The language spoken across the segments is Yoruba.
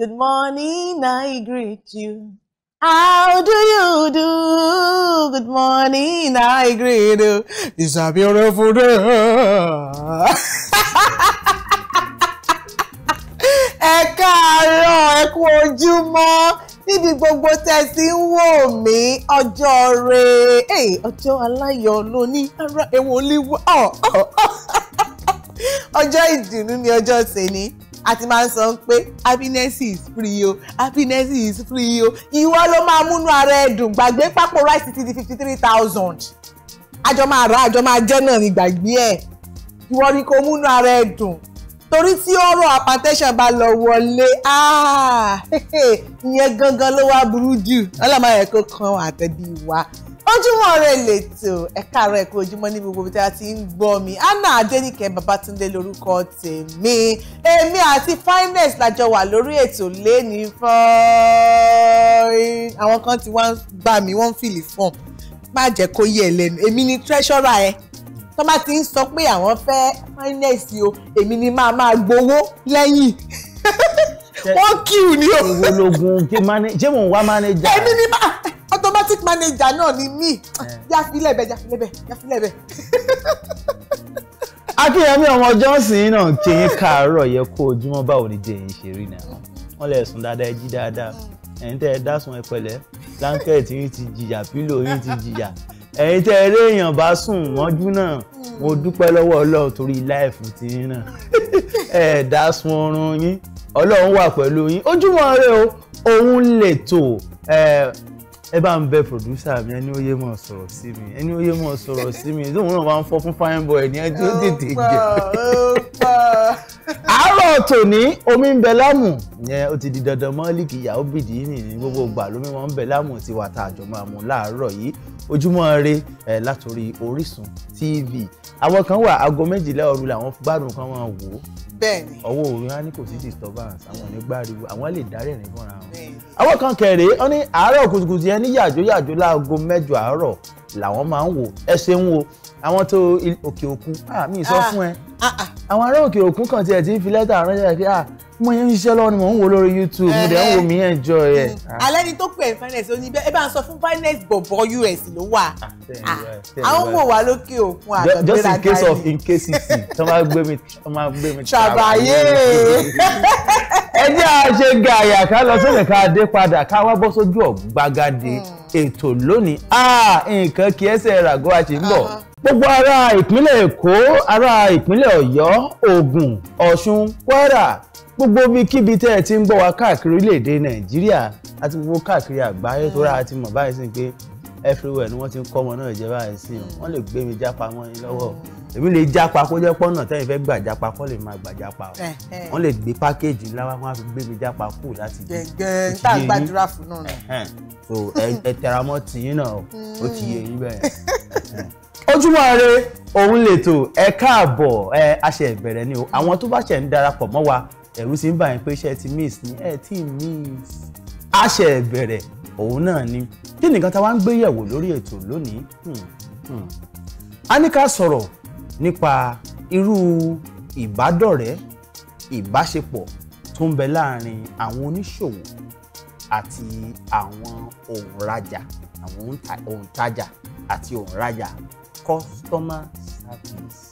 Good morning, I greet you. How do you do? Good morning, I greet you. It's a beautiful day. Ẹ káàárọ̀ ẹ kú ojúmọ́ níbi gbogbo tẹ́ ti ń wò mí ọjọ́ rẹ̀ ọjọ́ aláyọ̀ lóní ara ẹ̀wọ̀n olíwọ́ ọjọ́ ìdùnnú ni ọjọ́ tèmi a ti máa ń sọ pé happiness is free o happiness is free o ìwọ ló máa múnú ara ẹ dùn gbàgbé pápó rice ti di fifty three thousand àjọ máa ra àjọ máa jẹ náà ní gbàgbé ẹ ìwọ ni kò múnú ara ẹ dùn torí tí ọ̀rọ̀ apatẹ́sàn bá lọ wọlé ah, ìyẹn gangan ló wá burú jù ọlọ́mọ yẹn kó kan àtẹ̀bí wa ojúmọ́ ire lètò ẹ̀ka àárọ̀ ẹ̀kọ́ ojúmọ́ ní gbogbo ibi tí a ti ń gbọ́ mi anna adéníkẹ́ babatunde lórúkọ tèmi èmi àti finest lájọ wà lórí ètò lẹ́ni fọ́ọ̀ín àwọn kan ti wá gbà mí wọ́n ń fìlì fọ́ọ̀n má jẹ́ kó yẹ lẹ́nu èmi ni treasurer ẹ̀ tó bá ti ń sọ pé àwọn fẹ́ finest o èmi ni máa máa gbowó lẹ́yìn wọ́n kíw ni o. ìwòlògùn ṣé mò ń wá mánéjà. èmi ni automatic manager náà ni mí jáfilẹ̀ eh. bẹ́ẹ̀ jáfilẹ̀ bẹ́ẹ̀ jáfilẹ̀ bẹ́ẹ̀. akínyẹmí ọmọ johnson náà kí yín yẹ kó ojúmọ́ báwo ni jẹ yín ṣe rí náà wọ́n lè sùn dáadáa jí dáadáa ẹ̀yin tẹ́ ẹ dásùn ẹ pẹ̀lẹ́ blanket yín ti jìyà pílò yín ti jìyà ẹ̀yin tẹ́ eré èèyàn bá sùn mọ́jú náà mo dúpẹ́ lọ́wọ́ ọlọ́run torí láìfù tí yín náà ẹ dásùn oorun yín ọlọ́run wà pẹ̀lú yín ojúmọ́ ire o òun lè tò ẹ bá ń bẹ producer mi ẹni ó yé mọ̀ sọ̀rọ̀ sí mi ẹni ó yé mọ̀ sọ̀rọ̀ sí mi tóun náà máa ń fọ́ fún fine boy ẹni ẹjọ́ tètè jẹ. àárọ̀ tòní omi ń bẹ lámù yẹn ó ti di dandan mọ́líkì ìyàwó bìdí nìyí gbogbo ìgbà lómi wọn ń bẹ lámù ti wà tá àjọ máa mú láàárọ̀ yìí ojúmọ́ ire ẹ̀ látòrí Orísun TV àwọn kan wà aago méjìlá òru làwọn gbádùn kan wọn wò ó bẹ́ẹ̀ni ọwọ́ òru á ní kò sí disturbance àwọn ò ní gbáriwo àwọn lè dárẹ̀ ní fúnra wọn. àwọn kan kẹrè ó ní àárọ̀ kùtùkùtù yẹn ní yàjó yàjó láago mẹ́jọ àárọ̀ làwọn máa ń wò ẹ ṣeun o àwọn tó òkè òkun ah, mi sọ ah, fún ẹ ah, àwọn ará òkè òkun kan tiẹ̀ ti ń fi lẹ́tà ránṣẹ́ kí mo ń ṣiṣẹ́ lọ́wọ́ ni mò ń wo lórí youtube mo dẹ̀ ń wo mi enjoy ẹ̀. Mm. alẹ́ ni tó pè é finance ó bẹ́ẹ̀ bá ń sọ fún finance bọ̀bọ̀ us ló wà àwọn ah, mò ah, wá lókè òkun àtọ̀gbẹ́ra just in case of in case tó máa gbé mi tó máa gbé mi. ṣàbàyè ẹ jẹ́ àṣe gàyà ká lọ sílẹ̀ ká dé padà ká wá bọ́ sójú ọ̀gbagadè mm. ètò lónìí nǹkan kí ẹsẹ̀ ràgọ́ àti ń bọ̀ uh-huh. gbogbo ará ìpínlẹ̀ èkó ará ìpínlẹ̀ ọ̀yọ́ ògùn ọ̀ṣun kwara gbogbo bí kíbi tẹ́ ẹ ti ń gbọ́ wa káàkiri orílẹ̀-èdè nàìjíríà àti gbogbo káàkiri àgbáyé tó rà á ti mọ̀ báyìí sí pé everywhere ni wọ́n ti ń kọ́ ọmọ náà jẹ́ báyìí sí wọ́n lè gbé mi jápa mọ́ yín lọ́wọ́ èmi lè jápa kó jẹ́ pọ́nà tẹ́yìn fẹ́ gbà jápa kọ́ lè máa gbà jápa o wọ́n lè gbé pákéjì ńlá wá wọ́n gbé mi jápa kù láti yé a gbàdúrà fún náà so ẹ tẹra mọ́ tìyín náà ó ti yé yín bẹ́ẹ̀. ojúmọ́ òun lè tò ẹ káàbọ̀ ẹ aṣẹ ìbẹ̀rẹ̀ ni o àwọn tó bá ṣẹ̀ ń darapọ̀ mọ́ wa ẹ̀rù sì ń bà yín pé ṣé ẹ ti miss ni ẹ ti miss àṣẹ ìbẹ̀rẹ̀ òun náà ni kí nìkan tá a wá ń gbé yẹ̀wò lórí ètò lónìí hmm, hmm. a ní ká sọ̀rọ̀ nípa irú ìbádọ̀rẹ́ ìbáṣepọ̀ tó ń bẹ láàrin àwọn oníṣòwò àti àwọn òǹrajà àwọn òǹtajà àti òǹrajà customer service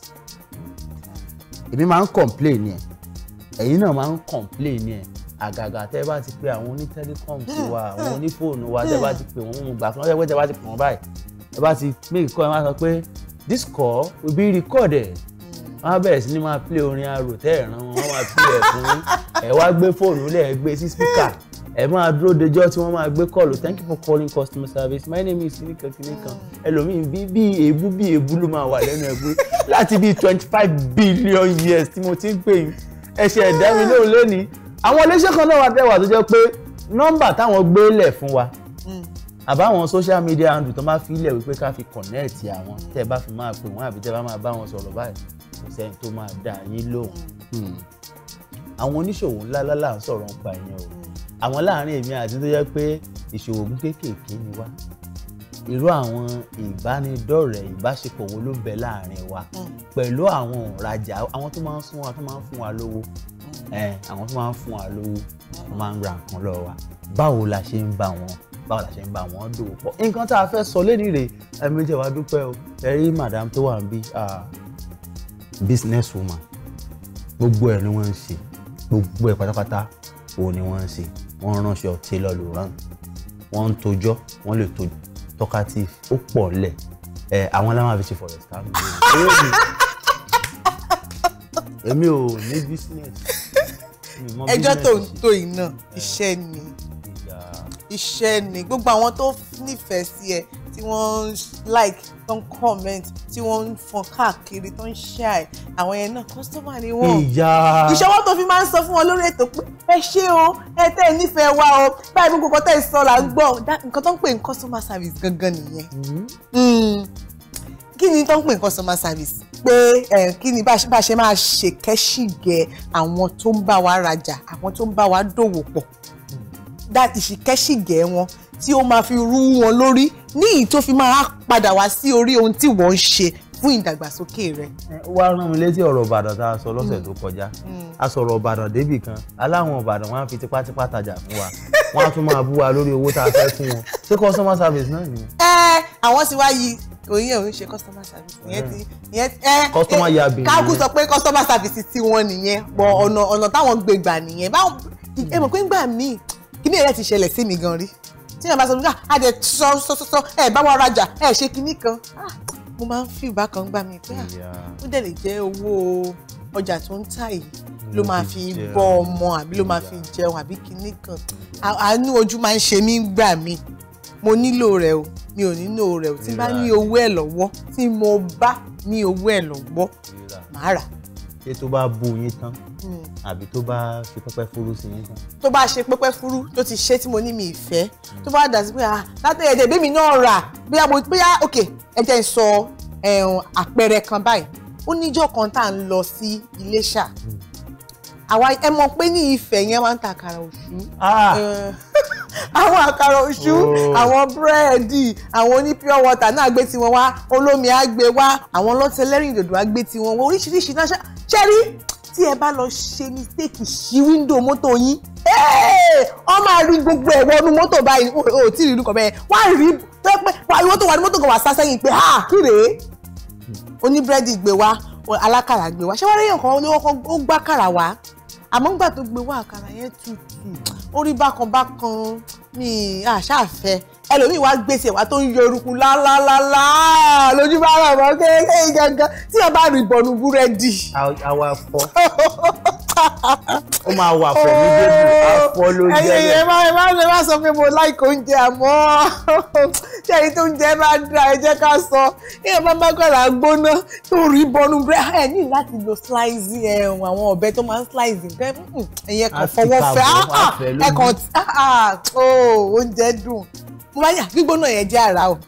èmi máa ń complain yẹn ẹ̀yin náà máa ń complain ẹ̀ àgàgà tẹ́ bá ti pè àwọn oní telecom ti wa hmm. àwọn onífóònù wa tẹ́ bá ti pè wọ́n mú gbà fún ọ́ tẹ́ bá ti pè wọ́n báyìí ẹ bá ti make call ẹ máa sọ pé this call will be recorded wọ́n á bẹ̀rẹ̀ sí ni máa play orin arò tẹ́ ẹ̀ ràn wọ́n máa play ẹ̀ fún ẹ̀ wá gbé fóònù lẹ̀ ẹ̀ gbé sí spíkà ẹ máa dúró dejọ́ tí wọ́n máa gbé kọ́ọ̀lù thank you for calling customer service my name is kinikan kinikan ẹlòmíì bí bí èébú bí èébú ló máa wà lẹ́nu ẹ̀gbẹ́ láti bí twenty five billion years tí mo ti ń pè yín ẹ̀ṣẹ̀ ẹ̀dá mi lóhùn lónìí àwọn iléeṣẹ́ kan náà wà tẹ́wà tó jẹ́ pé nọ́mbà táwọn gbé lẹ̀ fún wa hmm. àbáwọn social media handle tó máa fi ilẹ̀ wípé ká fi connect àwọn tẹ́ ẹ bá fi máa pè wọ́n àbí tẹ́ ẹ bá máa bá wọn sọ̀rọ̀ báyìí kò sẹ́ni tó máa dá yín lóhùn hmm. àwọn oníṣòwò ńlá lálá ń sọ̀rọ̀ ń pa ìyẹn o àwọn láàárín èmi àti tó jẹ́ pé ìṣòwò gún kéékèèké ni wá irú àwọn ìbánidọ́rẹ̀ẹ́ ìbáṣepọ̀ wo ló bẹ láàrin wa mm. pẹ̀lú àwọn òǹrajà àwọn tó máa ń fún wa tó máa ń fún wa lówó mm. àwọn tó máa ń fún wa lówó tó máa ń ra nǹkan lọ́wọ́ wa báwo la ṣe ń bá wọn báwo la ṣe ń bá wọn dòwò pọ̀ nǹkan tá a fẹ́ sọ lẹ́nu rè ẹ̀mí jẹ́ wàá dúpẹ́ o ẹ rí madam tó wà níbí business woman gbogbo ẹ̀ ni wọ́n ń ṣe gbogbo ẹ̀ pátápátá òun ni wọ́n ń ṣe wọ́n ránṣọ télọ̀ ló wọ́n ń tojọ́ wọ́n lè tojọ́ talkative ó pọ̀ lẹ̀ ẹ̀ àwọn làwọn àfi ṣe forest camp. èmi ò ní business. ẹjọ́ tó ń tó iná iṣẹ́ ni iṣẹ́ ni gbogbo àwọn tó nífẹ̀ẹ́ sí ẹ tí wọ́n like tó ń comment tí wọ́n ń fọn káàkiri tó ń share àwọn yẹn náà customer ni wọ́n. ìyá iṣẹ́ wọn tó fi máa ń sọ fún wọn lórí ètò pé ẹ ṣé o ẹ tẹ́ ẹ nífẹ̀ẹ́ wa o báyìí gbogbo nǹkan tẹ́ ẹ sọ là ń gbọ́ nǹkan tó ń pè ní customer service gangan nìyẹn. Mm-hmm. Hmm. kí ni tó ń pè ní customer service pé kí ni bá ṣe máa ṣèkẹ́ṣìgẹ̀ àwọn tó ń bá wa rajà àwọn tó ń bá wa dòwò pọ̀ ìṣìkẹ́ṣìgẹ̀ wọn tí ó máa fi rú wọn lórí ní èyí tó fi máa padà wá sí orí ohun tí wọ́n ń ṣe fún ìdàgbàsókè rẹ̀. wá rán mi létí ọ̀rọ̀ ìbàdàn tá a sọ lọ́sẹ̀ mm. tó kọjá mm. a sọ̀rọ̀ ìbàdàn débì kan aláwọn ìbàdàn wọn á fi tipátipá tajà fún wa wọn á tún máa bú wa lórí owó tá a fẹ́ fún wọn ṣé customer service náà nìyẹn. ẹ àwọn ti wá yí òyìn òun ṣe customer service ìyẹn ti ìyẹn ẹ customer ya bìnrin káàkú sọ pé customer service tiwọn nìyẹn bọ mm. ọ̀nà ọ̀nà táwọn gbé gbà nìyẹn báwọn ẹ mọ̀ pé ńgbà míì kíní rẹ̀ ti ṣẹlẹ̀ sí mi gan rí tí yàrá bá sọ nígbà á ah, dẹ̀ sọ sọ sọ sọ ẹ bá wọn rajà ẹ ṣe kíní kan ah, mo máa ń fi ìbákan gbà mí pé ah, ó dẹ̀ lè jẹ́ owó ọjà tó ń tà yìí ló máa fi bọ́ ọmọ àbí ló máa fi jẹun àbí kíní kan àánú ojú máa ń ṣe mí gbà mí mo nílò rẹ o mi ò nílò rẹ o tí bá ní owó ẹ lọ́wọ́ tí mo bá ní owó ẹ lọ́wọ́ màá rà. ṣé tó bá bu yín tán Hmm. àbí tó bá fi pẹ́pẹ́ furu sí yín tán. tó bá ṣe pẹ́pẹ́ furu tó ti ṣe tí mo ní mi ìfẹ́ hmm. tó bá dà sí pé ah, láti ẹ̀jẹ̀ bẹ́mi náà rà bóyá mo bóyá ok ẹ jẹ́ n sọ àpẹẹrẹ kan báyìí ó níjọ́ kan tá à ń lọ sí Iléṣà hmm. àwa ẹ mọ̀ pé ní Ifẹ̀ yẹn máa ń ta àkàrà òṣú ah! àwọn àkàrà òṣú oh. àwọn búrẹ́dì àwọn oní pure water náà gbé tiwọn wá olómi á gbé wá àwọn ọlọ́tẹlẹ́rìn dòdò á gbé tiwọn wá oríṣiríṣi náà ṣe rí tí ẹ bá lọ ṣe mistake ṣí wíńdò mọ́tò yín wọ́n máa rí gbogbo ẹ̀ wọnú mọ́tò báyìí ò tí ì rí nǹkan bẹ́ẹ̀ wọ́n á rí tó pé ariwo tó wà ní mọ́tò kan wà sá sẹ́yìn pé ha ah, kí rèé oníbírẹ́dì gbé wá alákàrà gbé wá ṣé wọ́n rí èèyàn kan ló kọ́ ó gbá kàrà wá àmọ́ ńgbà tó gbé wá àkàrà yẹn tutù ó rí bákan bákan ní àṣà àfẹ́ ẹlòmíì wá gbèsè wá tó ń yorùkú lálálálá lójú bá rà mọ́ kéèké gangan tí wọ́n bá rìn bọ̀nù búrẹ́dì. àwa fọ ó máa wà pẹ̀lú débù àfọ lórí ẹlẹ. ẹyẹ ẹ máa ẹ máa ẹ máa sọ pé mo láìkó oúnjẹ àmọ́ ṣé èyí tó ń jẹ bá dá ẹ jẹ́ ká sọ ní ẹ̀ bá gbàdá gbóná tó rí bọnú bẹ́ẹ̀ ẹ ní láti lo slice ẹ̀hún àwọn ọ̀bẹ tó máa ń slice nǹkan hmm, ẹ̀yẹ kan fọwọ́ fẹ́ ẹ̀ ah, ah, kan ah, oh, oúnjẹ dùn mo bá ní gbígbóná yẹn jẹ́ ara o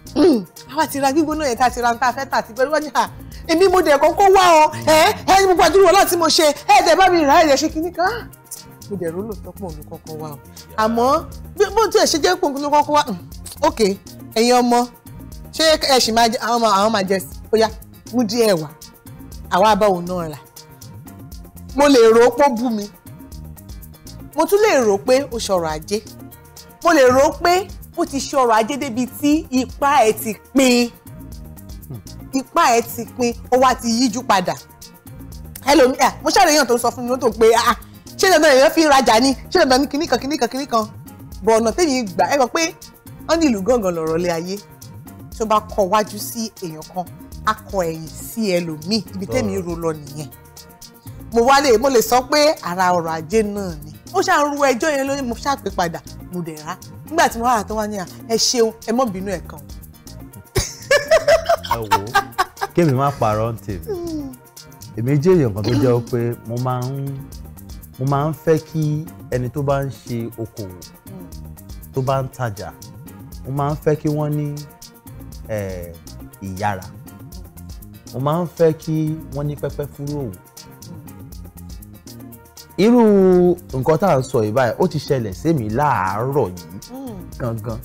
àwa ti ra gbígbóná yẹn tá a ti ra tá a fẹ́ tà ti bẹ́ẹ̀ wọ́n ní à èmi mo dẹ̀ kọ́kọ́ wá ọ ẹ ẹ ní gbogbo àdúrà ọlọ́ọ̀ tí mo ṣe ẹ ẹ̀ dẹ̀ bá mi rà ẹ̀ ṣe kinní kan mo dẹ̀ rólò tọ́pọ̀ òun kọ́kọ́ wá o àmọ́ bó tiẹ̀ ṣe jẹ́ pòun kọ́kọ́ wá hmm, ok ẹ̀yin ọmọ ṣé ẹ ṣì máa jẹ àwọn máa jẹ sí ó yá mú díẹ̀ wá àwa abáwo náà rà mo lè rò ó pé ó bú mi mo tún lè rò ó pé ó ṣọ̀rọ̀ ajé mo lè rò ó pé ó ti ṣe ọrọ̀ ajé débi tí ipá ẹ̀ ti pin ipá ẹ̀ ti pin ó wá ti yíjú padà ẹlòmíà mo ṣàlàyé tó ń sọ fún mi ló tó pé ah, ṣé dandan èèyàn fi ń rajà ni ṣé dandan ní kinní kan kinní kan kinní kan bọ̀ ọ̀nà tẹ́yìn gbà ẹ gbọ́ pé wọ́n ní ìlú gángan lọ̀rọ̀ lé ayé tó bá kọ wájú sí èèyàn kan á ẹ̀yìn sí ẹlòmíì ibi tẹ́mi ro lọ nìyẹn mo wá lè mo lè sọ pé ara ọrọ̀ ajé náà ni mo ṣàrú ẹjọ́ yẹn lórí mo ṣàpè padà mo dẹ̀ rà nígbà tí mo wá àtọwá ní à ẹ ṣeun ẹ mọ bínú ẹ kan. ẹ wo kémi má parọ́ tèmi èmi jẹ́ èèyàn kan tó jẹ́ pé mo máa ń mo máa ń fẹ́ kí ẹni tó bá ń ṣe okòwò tó bá ń tajà mo máa ń fẹ́ kí wọ́n ní ìyára mo máa ń fẹ́ kí wọ́n ní pẹ́pẹ́ fúrú òwò irú nǹkan tá à ń sọ yìí báyìí ó ti ṣẹlẹ̀ sẹ́mi láàárọ̀ yìí hmm. gangan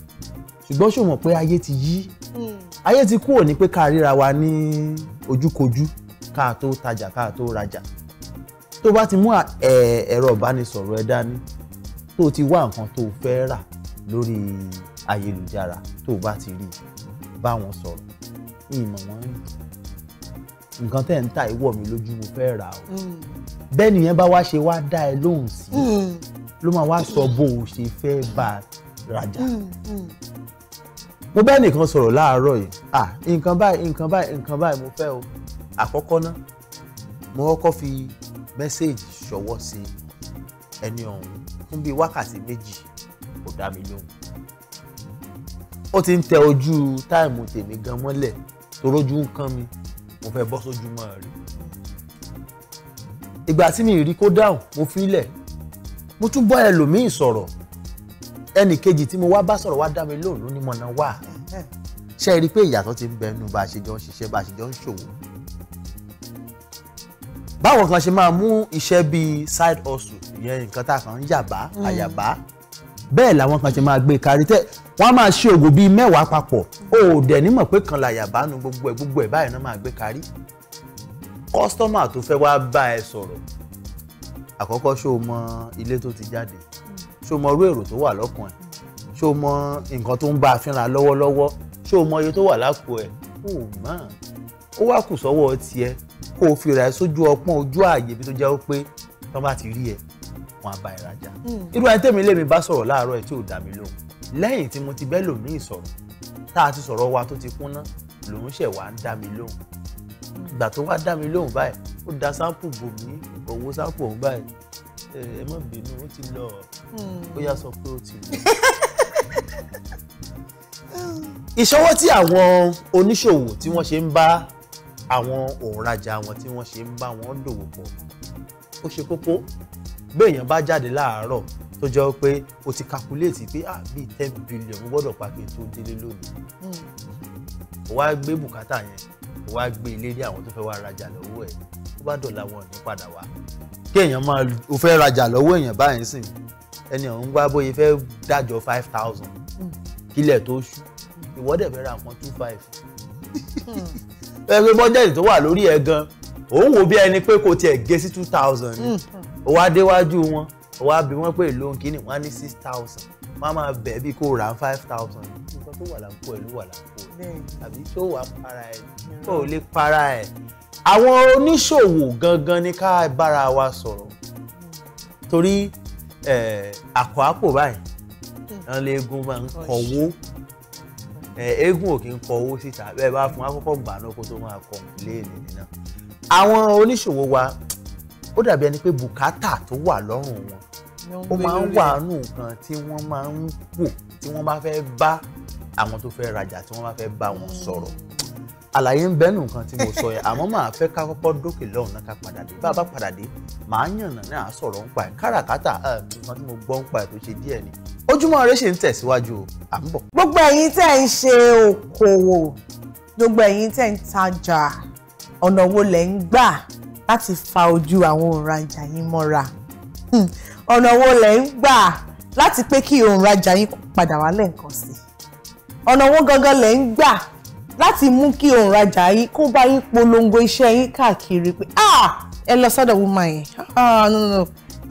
ṣùgbọ́n ṣó mọ̀ pé ayé ti yí hmm. ayé ti kúrò ní pé ká ríra wa ní ojúkojú ká tó tajà ká tó rajà tó bá ti mú ẹ̀rọ ìbánisọ̀rọ̀ ẹ dání tó ti wá nǹkan tó fẹ́ rà lórí ayélujára tó bá ti rí bá wọn sọ̀rọ̀ ìmọ̀ wọn nǹkan tẹ́ ń ta ìwọ̀ mi lójú mo fẹ́ rà o hmm bẹ́ẹ̀ nìyẹn bá wá ṣe wá dá ẹ lóhùn sí hmm. ló máa wá sọ bó o ṣe fẹ́ bá a rajà. Hmm, hmm. mo bẹ́ẹ̀ nìkan sọ̀rọ̀ láàárọ̀ yìí ah nǹkan báyìí nǹkan báyìí nǹkan báyìí mo fẹ́ o àkọ́kọ́ ná mo kọ́kọ́ fi mẹ́sáàgì ṣọwọ́ sí ẹni ọ̀hún fún bíi wákàtí méjì kò dá mi lóhùn ó ti ń tẹ ojú táìmù tèmi gan mọ́lẹ̀ torójú ń kán mi mo fẹ́ bọ́ sójúmọ́ rẹ̀ ìgbà tí mi rí kó dáhùn mo fi ilẹ̀ mo tún bọ́ ẹlòmíì sọ̀rọ̀ ẹnì kejì tí mo wá bá sọ̀rọ̀ wá dá mi lóhùn ló ní mo náà wà ṣe rí i pé ìyàtọ̀ ti ń bẹnu bá a ṣe jọ ń ṣiṣẹ́ bá a ṣe jọ ń ṣòwò báwọn kan ṣe máa mú iṣẹ́ bíi side hustle ìyẹn nǹkan tá a kàn ń yàbá hmm. àyàbá bẹ́ẹ̀ làwọn kan ṣe máa gbé kárí tẹ́ wọ́n á máa ṣe ògùn bíi mẹ́wàá papọ̀ o nímọ̀ pé kan làyàbá nu gbogbo ẹ̀ gbogbo ẹ̀ báyìí náà máa gbé kárí kọ́sítọ́mà tó fẹ́ wá bá ẹ sọ̀rọ̀ àkọ́kọ́ ṣó o mọ ilé tó ti jáde ṣó o mọ irú èrò tó wà lọ́kàn ẹ̀ ṣó o mọ nǹkan tó ń bá a fínra lọ́wọ́lọ́wọ́ ṣó o mọ iye tó wà lápò ẹ̀ kò mọ̀ ó wá kù sọ́wọ́ tiẹ̀ kó o fi ra ẹ sójú ọpọ́n ojú ààyè bí tó jẹ́ ó pé tán bá ti rí ẹ wọn á bá ẹ rajà hmm. irú ẹni tèmi lèmi bá sọ̀rọ̀ láàárọ̀ ẹ̀ tí ò dá mi lóhùn lẹ́yìn tí mo ti bẹ́ lòmíì sọ̀rọ̀ tá a ti sọ̀rọ̀ wa tó ti kúnná lòun ṣẹ̀ wá ń dá mi lóhùn ìgbà tó wá dá mi lóhùn báyìí ó da sample bò mí òwò sample òun báyìí ẹ má bínú ó ti lọ bóyá hmm. sọ pé ó ti lọ. ìṣọwọ́ tí àwọn oníṣòwò tí wọ́n ṣe ń bá àwọn òǹrajà wọn tí wọ́n ṣe ń bá wọn dòwò pọ̀ ó ṣe kókó béèyàn bá jáde láàárọ̀ tó jẹ́ pé o ti calculate pé ah bíi ten billion gbọ́dọ̀ pa kí n tó délé lónìí. Hmm. ó wá gbé bùkátà yẹn wá gbé ilé rí àwọn tó fẹ́ wá rajà lọ́wọ́ ẹ̀ tó bá dọ̀la wọn ò ní padà wá kí èèyàn máa o fẹ́ rajà lọ́wọ́ èèyàn báyìí sìn ẹni ọ̀hún wá bóyá fẹ́ dájọ́ five thousand kílẹ̀ tó ṣú ìwọ fẹ́ ra nǹkan two five hmm. ẹ pé tó wà lórí ẹ̀ gan òun wò bí ẹni pé kò tiẹ̀ gé sí two thousand ni ó hmm. wá déwájú wọn ó wá bí wọ́n pé èlò kíní wọ́n á ní six thousand wọ́n á máa bẹ̀ bí kò rà five thousand nǹkan tó wà lápò ẹ̀ ló wà lápò ẹ̀ àbí tó wà para ẹ̀ tó ò lè para ẹ̀ àwọn oníṣòwò gangan ni ká bára wa sọ̀rọ̀ torí àpò àpò báyìí wọ́n lè egun máa ń kọ̀wó eégún ò kì í kọ̀wó síta bẹ́ẹ̀ bá fún akọ́kọ́ gbà náà kó tó máa kọ̀ léèlè nínú àwọn oníṣòwò wa ó dàbí ẹni pé bùkátà tó wà lọ́rùn wọn ó máa ń wà nù nǹkan tí wọ́n máa ń wò tí wọ́n bá fẹ́ bá àwọn tó fẹ́ rajà tí wọ́n bá fẹ́ bá wọn sọ̀rọ̀ àlàyé ń bẹ́nu nǹkan tí mo sọ yẹn àmọ́ màá fẹ́ ká kọ́kọ́ dókè lọ́hùn náà ká padà dé bá a bá padà dé màá yànnà náà sọ̀rọ̀ ń pa ẹ̀ káràkátà nǹkan tí mo gbọ́ ń pa ẹ̀ tó ṣe díẹ̀ ni ojúmọ́ ire ṣe ń tẹ̀síwájú o à ń bọ̀. gbogbo ẹ̀yin tẹ́ ń ṣe òkòwò gbogbo ẹ̀yin tẹ́ ń tajà ọ̀nà wo lẹ̀ ń gbà láti fa ojú àwọn òǹrajà yín mọ́ra hmm ọ̀nà wo lẹ̀ ń gbà láti pé kí òǹrajà yín padà wá lẹ́ẹ̀kan sí ọ̀nà wo gangan lẹ̀ ń gbà láti mú kí òǹrajà yín kó bá yín polongo iṣẹ́ yín káàkiri pé ah ẹ lọ sọ́dọ̀ woman yẹn ah no no no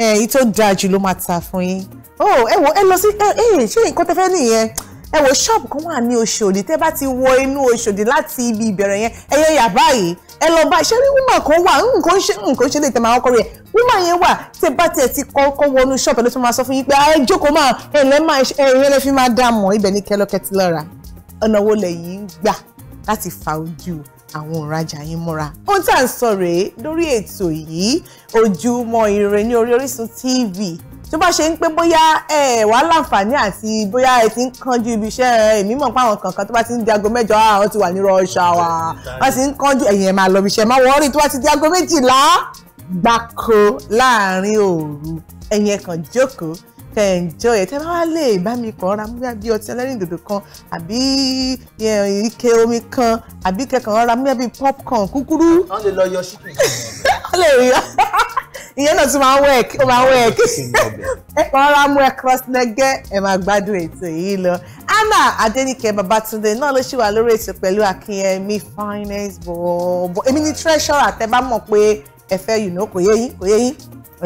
ẹ èyí tó dáa jù ló máa ta fún yín oh ẹ wò ẹ lọ sí ẹ ẹ ṣé nǹkan tẹ́ fẹ́ nìyẹn ẹ wò ṣọ́ọ̀bù kan wà ní Oṣòdì tẹ́ bá ti wọ inú Oṣòdì láti ibi ìbẹ̀rẹ̀ yẹn ẹ yẹ yà báyìí ẹ lọ bá ṣe rí woman kan wà nǹkan ṣe nǹkan ṣe lè tẹ̀ máa kọ́ rí ẹ̀ woman yẹn wà tẹ bá tiẹ̀ ti kọ́kọ́ wọnú ṣọ́ọ̀bù ló ti máa sọ fún yín pé ah, ẹ jókòó máa ẹ̀yìn máa ẹ̀yìn lẹ́ fi máa dá mọ̀ ibẹ̀ ní kẹlọ́kẹ́tì lọ́ra ọ̀nà wo lẹ̀ yìí gbà láti fa ojú àwọn òǹrajà yín mọ́ra. ohun tá à ń sọ rèé lórí ètò yìí Ojúmọ́ Ire ní orí Orísun TV tó bá ṣe ń pé bóyá ẹ wà láǹfààní àti bóyá ẹ ti ń kánjú ibi iṣẹ́ èmi mọ̀ pé àwọn kankan tó bá ti ń di aago mẹ́jọ àwọn ti wà ní rọ́ọ̀ṣà wa wọ́n ti ń kánjú ẹ̀yìn ẹ̀ máa lọ ibi iṣẹ́ máa wọ́ọ́rì tó bá ti di aago méjìlá gbáko láàrin òru ẹ̀yìn ẹ̀ kàn jókòó kẹ̀ǹjọ́ ẹ̀ tẹ́ bá wá lè bá mi kàn ra múyá bí ọtí ẹlẹ́rìndòdò kan àbí ike omi kan àbí kẹ̀kàn ra múyá bí popcorn kúkúrú. wọ́n lè lọ yọ ṣíkì. wọ́n lè rí ọ ìyẹn náà tún máa ń wẹ̀k ó máa ń wẹ̀k wọ́n rá mú ẹ crossnege ẹ máa gbádùn ètò yìí lọ Anna Adenike Babatunde náà ló ṣì wà lórí ètò pẹ̀lú Akínyẹmí finance bọ̀ọ̀bọ̀ èmi ni treasurer tẹ́ bá mọ̀ pé ẹ fẹ́ yìí náà kò yé yín kò yé yín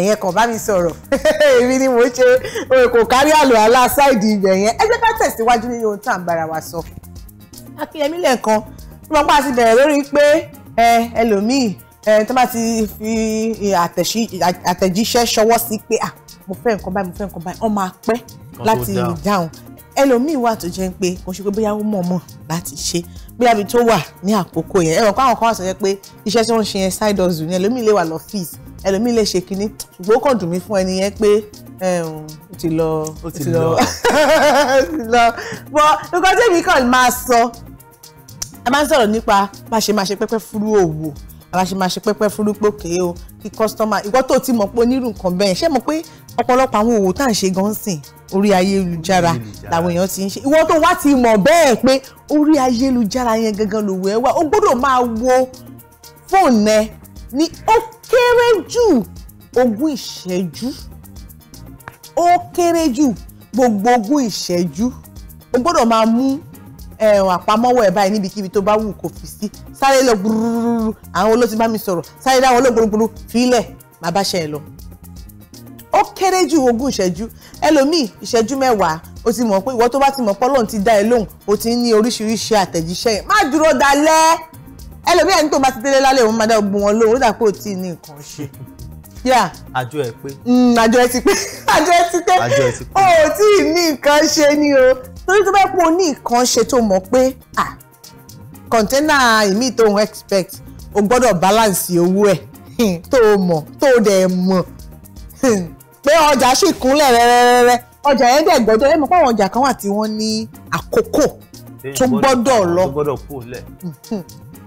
ìyẹn kàn bá mi sọ̀rọ̀ èmi ni mo ṣe kò kárí àlọ́ àlá ṣáìdì ibẹ̀ yẹn ẹ jẹ́ ká tẹ̀síwájú nínú ohun tá à ń bára wa sọ Akínyẹmí lẹ́ẹ̀kan tí wọ́n tó bá ti fi àtẹ̀jíṣẹ́ ṣọwọ́ sí pé ah mo fẹ́ nǹkan báyìí mo fẹ́ nǹkan báyìí wọ́n máa pẹ́ láti dáhùn ẹlòmíì wà tó jẹ́ pé kò ṣe pé bóyá ó mọ̀ mọ̀ láti ṣe bóyá ibi tó wà ní àkókò yẹn ẹ̀rọ káwọn kan wà sọ pé iṣẹ́ tí wọ́n ń ṣe yẹn side hustle ni ẹlòmíì lè wà lọ́fíìsì ẹlòmíì lè ṣe kínní ṣùgbọ́n ó kàn dùn mí fún ẹni yẹn pé ó ti lọ ó ti lọ ti lọ bọ́ nǹkan tí èmi kàn máa sọ ẹ máa ń sọ̀rọ̀ nípa bá ṣe máa ṣe pẹ́pẹ́ fúrú òwò aláṣẹ máa ṣe pẹ́pẹ́ fúrúpòkè o kí kọ́sítọ́mà ìwọ́n tó ti mọ̀ pé onírú nǹkan bẹ́ẹ̀ ṣé mọ̀ pé ọ̀pọ̀lọpọ̀ àwọn òwò tá à ń ṣe gan sìn orí ayélujára làwọn èèyàn ti ń ṣe ìwọ́n tó wá ti mọ̀ bẹ́ẹ̀ pé orí ayélujára yẹn gangan lòwò ẹ wá o gbọ́dọ̀ máa wo fóònù ẹ ní ó kéré jù ogún ìṣẹ́jú ó kéré jù gbogbo ogún ìṣẹ́jú o gbọ́dọ̀ máa mú àpamọ́wọ́ ẹ̀ báyìí níbikíbi tó bá wù kó fi sí sáré lọ gbúrúrú àwọn olóòtú bá mi sọ̀rọ̀ sáré dáwọn olóògbòrògbòrò fílẹ̀ má bá ṣe ẹ lọ. ó kéré ju ogún ìṣẹ́jú ẹlòmíì ìṣẹ́jú mẹ́wàá o ti mọ̀ pé ìwọ tó bá ti mọ̀ pọ́lọ́n ti dá ẹ lóhùn o ti ní oríṣiríṣi àtẹ̀jíṣẹ́ yẹn má dúró dalẹ́ ẹlòmíì ẹni yà. àjọ ẹ pé. Mm, àjọ ẹ ti pé àjọ ẹ ti pé o tí ì ní nǹkan ṣe ni o torí tó bá pọ̀ ní nǹkan ṣe tó mọ̀ pé ah kọ̀ńténà ìmí tó ń expect o gbọ́dọ̀ balance owó ẹ̀ tó o mọ̀ tó o dẹ̀ mọ̀ pé ọjà sì kúnlẹ̀ rẹ́rẹ́rẹ́rẹ́ ọjà yẹn dẹ̀ gbọ́dọ̀ ẹ̀ mọ̀ pé àwọn ọjà kan wà tí wọ́n ní àkókò tó gbọ́dọ̀ lọ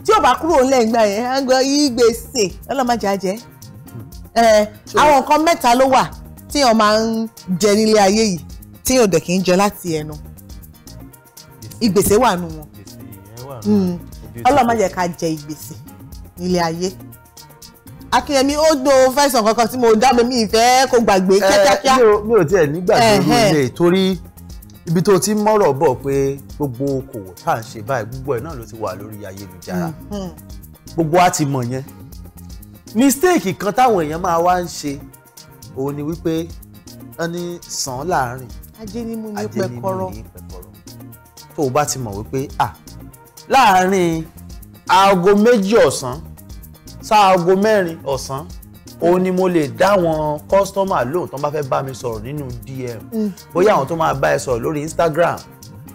tí o bá kúrò ńlẹ̀ ìgbà yẹn á ń gbọ́ yí gbèsè ọlọ́mọdé ajẹ́ àwọn nǹkan mẹ́ta ló wà tí èèyàn máa ń jẹ nílé ayé yìí tí èèyàn dẹ̀ kì í jẹ láti ẹnu ìgbèsè wà nù wọn hmm. ọlọ́run má jẹ́ ká jẹ ìgbèsè nílé ayé akínyẹmí ó do fẹsàn kankan tí mo dá mi mi ìfẹ́ kó gbàgbé eh, kíákíá. mi ò tiẹ̀ nígbàgbé ló lè torí ibi tó ti mọ̀rọ̀ bọ̀ pé gbogbo okòwò tá à ń ṣe báyìí gbogbo ẹ̀ náà ló ti wà lórí ayélujára hmm, hmm. gbogbo á ti mọ̀ yẹn mistake kan táwọn èèyàn máa wá ń ṣe òun ni wípé ẹni sàn láàrin ajé ni mú ní pẹkọrọ tó o bá ti mọ̀ wípé à láàárín aago méjì ọ̀sán sáago mẹ́rin ọ̀sán òun ni mo lè dá àwọn kọ́sítọ́mà lóhùn tó bá fẹ́ bá mi sọ̀rọ̀ nínú DM mm. bóyá àwọn tó máa bá ẹ sọ̀rọ̀ lórí Instagram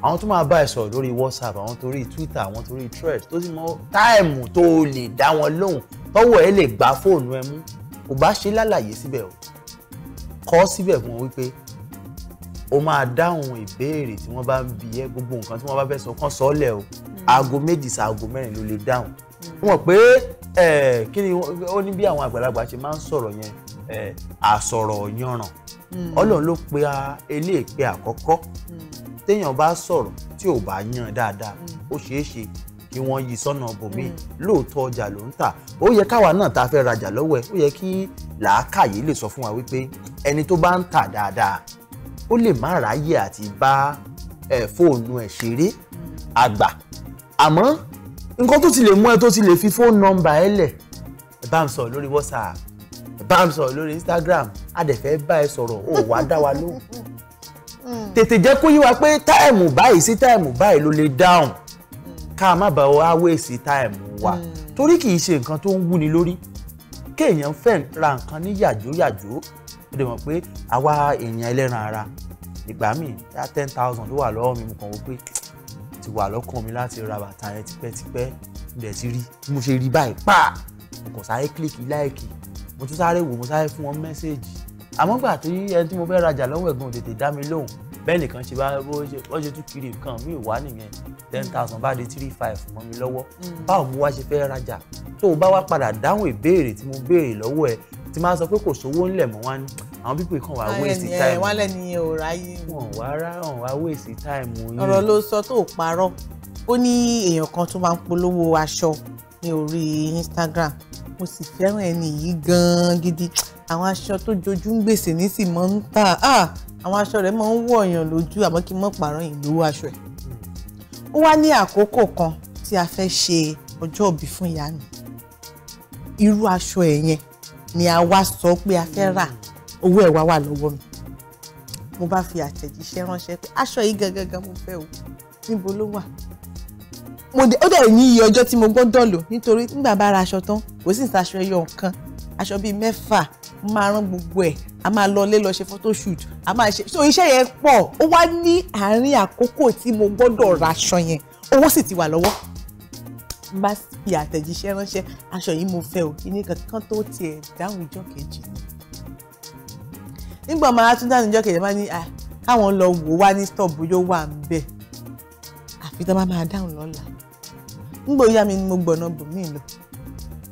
àwọn tó máa bá ẹ sọ̀rọ̀ lórí whatsapp àwọn torí twitter àwọn torí thread tó sì mọ táìmù tó o lè dá wọn lóhùn tọ́wọ́ ẹ lè gbá fóònù ẹ mú kò bá ṣe lálàyé síbẹ̀ o kọ síbẹ̀ fún wọn wípé o máa dáhùn ìbéèrè tí wọ́n bá ń bi ẹ́ gbogbo nǹkan tí wọ́n bá fẹ́ sọ kán sọ́ọ́lẹ̀ o hmm. aago méjì sí aago mẹ́rin ló lè dáhùn wọ́n pé kí ni ó ní bí àwọn àgbàlagbà ṣe máa ń sọ̀rọ̀ yẹn àsọ̀rọ̀ yanràn hmm. ọlọ́run ló pe eléyìí pé àkọ́kọ́ hmm. téèyàn bá sọ̀rọ̀ tí ò bá yan dáadáa ó ṣeé ṣe kí wọ́n yí sọ́nà bòmíì lóòótọ́ ọjà ló ń tà ó yẹ káwa náà ta fẹ́ rajà lọ́wọ́ ẹ̀ ó yẹ kí làákàyè lè sọ fún wa wípé ẹni tó bá ń tà dáadáa ó lè má ráyè àti bá fóònù ẹ̀ ṣeré àgbà àmọ́ nǹkan tó ti lè mú ẹ tó ti lè fi fóònù nọ́mbà ẹ lẹ̀ ẹ bá ń sọ̀rọ̀ lórí WhatsApp ẹ bá ń sọ̀rọ̀ lórí Instagram adẹ̀fẹ́ bá ẹ sọ̀rọ̀ ó wàá dá wa lóhùn hmm. tètè jẹ́ kó yí wa pé táìmù báyìí sí táìmù báyìí ló lè dáhùn ká má bàa wá wéèsì táìmù wa hmm. torí kì í ṣe nǹkan tó ń wúni lórí kéèyàn fẹ́ ra nǹkan ní yàjóyàjó ó lè mọ̀ pé àwa èèyàn ẹlẹ́ran ara ìgbà míì dá ten thousand ló wà lọ́wọ́ mi mo kàn wọ́n pé ti wà lọ́kàn mi láti ra bàtà yẹn tipẹ́tipẹ́ mo ti rí mo ṣe rí báyìí pa mo kàn sáré kílìkì láìkì mo tún sáré wò mo sáré fún wọn mẹ́sẹ̀gì àmọ́ gbà tí ẹni tí mo fẹ́ rajà lọ́wọ́ ẹ̀gbọ́n tètè dá mi lóhùn bẹ́ẹ̀ nìkan ṣe bá wọ́n ṣe tún kiri nǹkan mi ò nìyẹn ten thousand bá di three five mọ́ mi lọ́wọ́ mm. báwo mo wá ṣe fẹ́ rajà tó o bá wá padà dáhùn ìbéèrè tí mo béèrè lọ́wọ́ ẹ tí máa sọ pé kò sówó ńlẹ̀ mọ́ wá ní àwọn pípé kan wà waste time wọn lẹ́ni ò ráyè wọn wá rá wọn wá waste time yín. ọ̀rọ̀ ló sọ tó parọ́ ó ní èèyàn kan tó máa ń polówó aṣọ ní orí Instagram mo sì fẹ́ràn ẹni yìí gan-an gidi àwọn aṣọ tó jojú ń gbèsè ní sì máa ń tà á ah, àwọn aṣọ rẹ̀ máa ń wọ̀ yàn lójú àmọ́ kí n mọ̀ pààrọ̀ yìí lówó aṣọ ẹ̀. ó wá ní àkókò kan tí a fẹ́ ṣe ọjọ́ òbí fún ìyá mi irú aṣọ ẹ̀ yẹn ni a wá sọ pé a fẹ́ rà owó ẹ̀ wá wà lọ́wọ́ mi mo bá fi àtẹ̀jíṣẹ́ ránṣẹ́ pé aṣọ yìí gangan mo fẹ́ o níbo ló wà ó dẹ̀ ní iye ọjọ́ tí mo gbọ́dọ̀ lò nítorí nígbà bá ra aṣọ tán kò sì ń ṣaṣọ ẹyọ nǹkan aṣọ bíi mẹ́fà máa rán gbogbo ẹ̀ a máa lọ lé lọ ṣe photoshoot a máa ṣe so iṣẹ́ yẹn pọ̀ ó wá ní àárín àkókò tí mo gbọ́dọ̀ ra aṣọ yẹn owó sì ti wà lọ́wọ́ n bá fi àtẹ̀jíṣẹ́ ránṣẹ́ aṣọ yìí mo fẹ́ o kíní kankan tó tiẹ̀ dáhùn ìjọ kejì ni nígbà máa tún dáhùn ìjọ kejì máa ní káwọn lọ wò wá ní stọọbù yóò wà ń bẹ́ẹ̀ bí tá a bá máa dáhùn lọ́la ńgbò yá mi ni mo gbọ̀nà bò mí lọ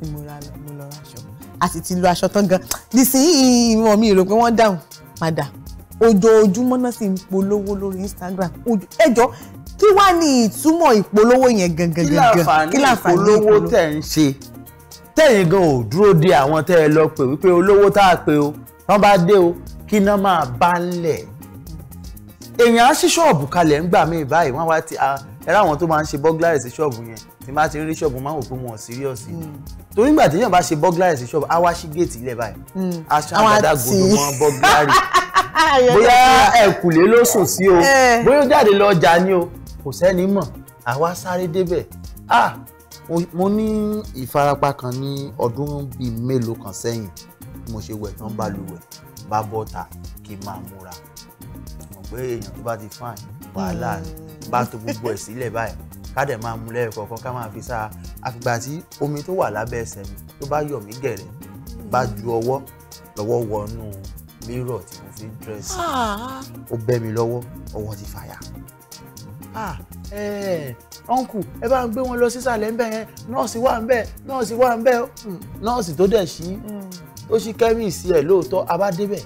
ni mo ra lọ mo lọ ra aṣọ a sì ti lo aṣọ tán gan nísìnyí ìwọ̀n mi rò pé wọ́n dáhùn padà ojoojúmọ́ náà sì ń polówó lórí Instagram ẹjọ́ kí wàá ní ìtumọ̀ ìpolówó yẹn gangan gangan kí láǹfààní ìpolówó tẹ̀ ń ṣe tẹ̀yìn gan ò dúró de àwọn tẹ́ ẹ lọ pè wípé olówó tá a pè o wọ́n bá dé o kí iná máa bá ń lẹ̀ èèyàn á ṣí ṣọ́ọ̀bù kalẹ̀ ń gbà mí báyìí wọ́n wá ti ah, ẹ ráwọn tó máa ń ṣe burglary sí ṣọ́ọ̀bù yẹn tí máa ti rí ṣọ́ọ̀bù máa ń wò pé wọn ò serious ni hmm. torí nígbà téèyàn bá ṣe burglary sí ṣọ́ọ̀bù á wá sí géètì ilẹ̀ báyìí aṣọ hmm. àgbàdá gòdò mọ́ burglary bóyá ẹ̀kùlé ló sùn sí o eh. bóyá ó jáde lọ ọjà ni o kò sẹ́ni mọ̀ àwa sáré débẹ̀ ah mo ní ìfarapa kan ní ọdún bíi mélòó kan sẹ́yìn mo ṣe wẹ̀ tán balùwẹ̀ bá bọ́ta kí n máa múra mọ̀ pé èèyàn tó bá ti fáìn wàhálà ni hmm bá to gbogbo ẹ̀ sílẹ̀ báyìí ká dẹ̀ máa mú lẹ́ẹ̀kọ̀ọ̀kan ká máa fi sára àfìgbà tí omi tó wà lábẹ́ ẹsẹ̀ mi tó bá yọ̀ mí gẹ̀rẹ̀ bá ju ọwọ́ lọ́wọ́ wọnú mirror tí mo fi dírẹ́sì ó bẹ́ mi lọ́wọ́ ọwọ́ ti fàyà ọ̀nkù ah, ẹ bá ń gbé wọn lọ sísàlẹ̀ ń bẹ̀ yẹn nọ́ọ̀sì wà ń bẹ̀ nọ́ọ̀sì wà ń bẹ̀ hmm, nọ́ọ̀sì tó dẹ̀ sí hmm. ó sì kẹ́míìsì ẹ̀ lóòótọ́ a bá débẹ̀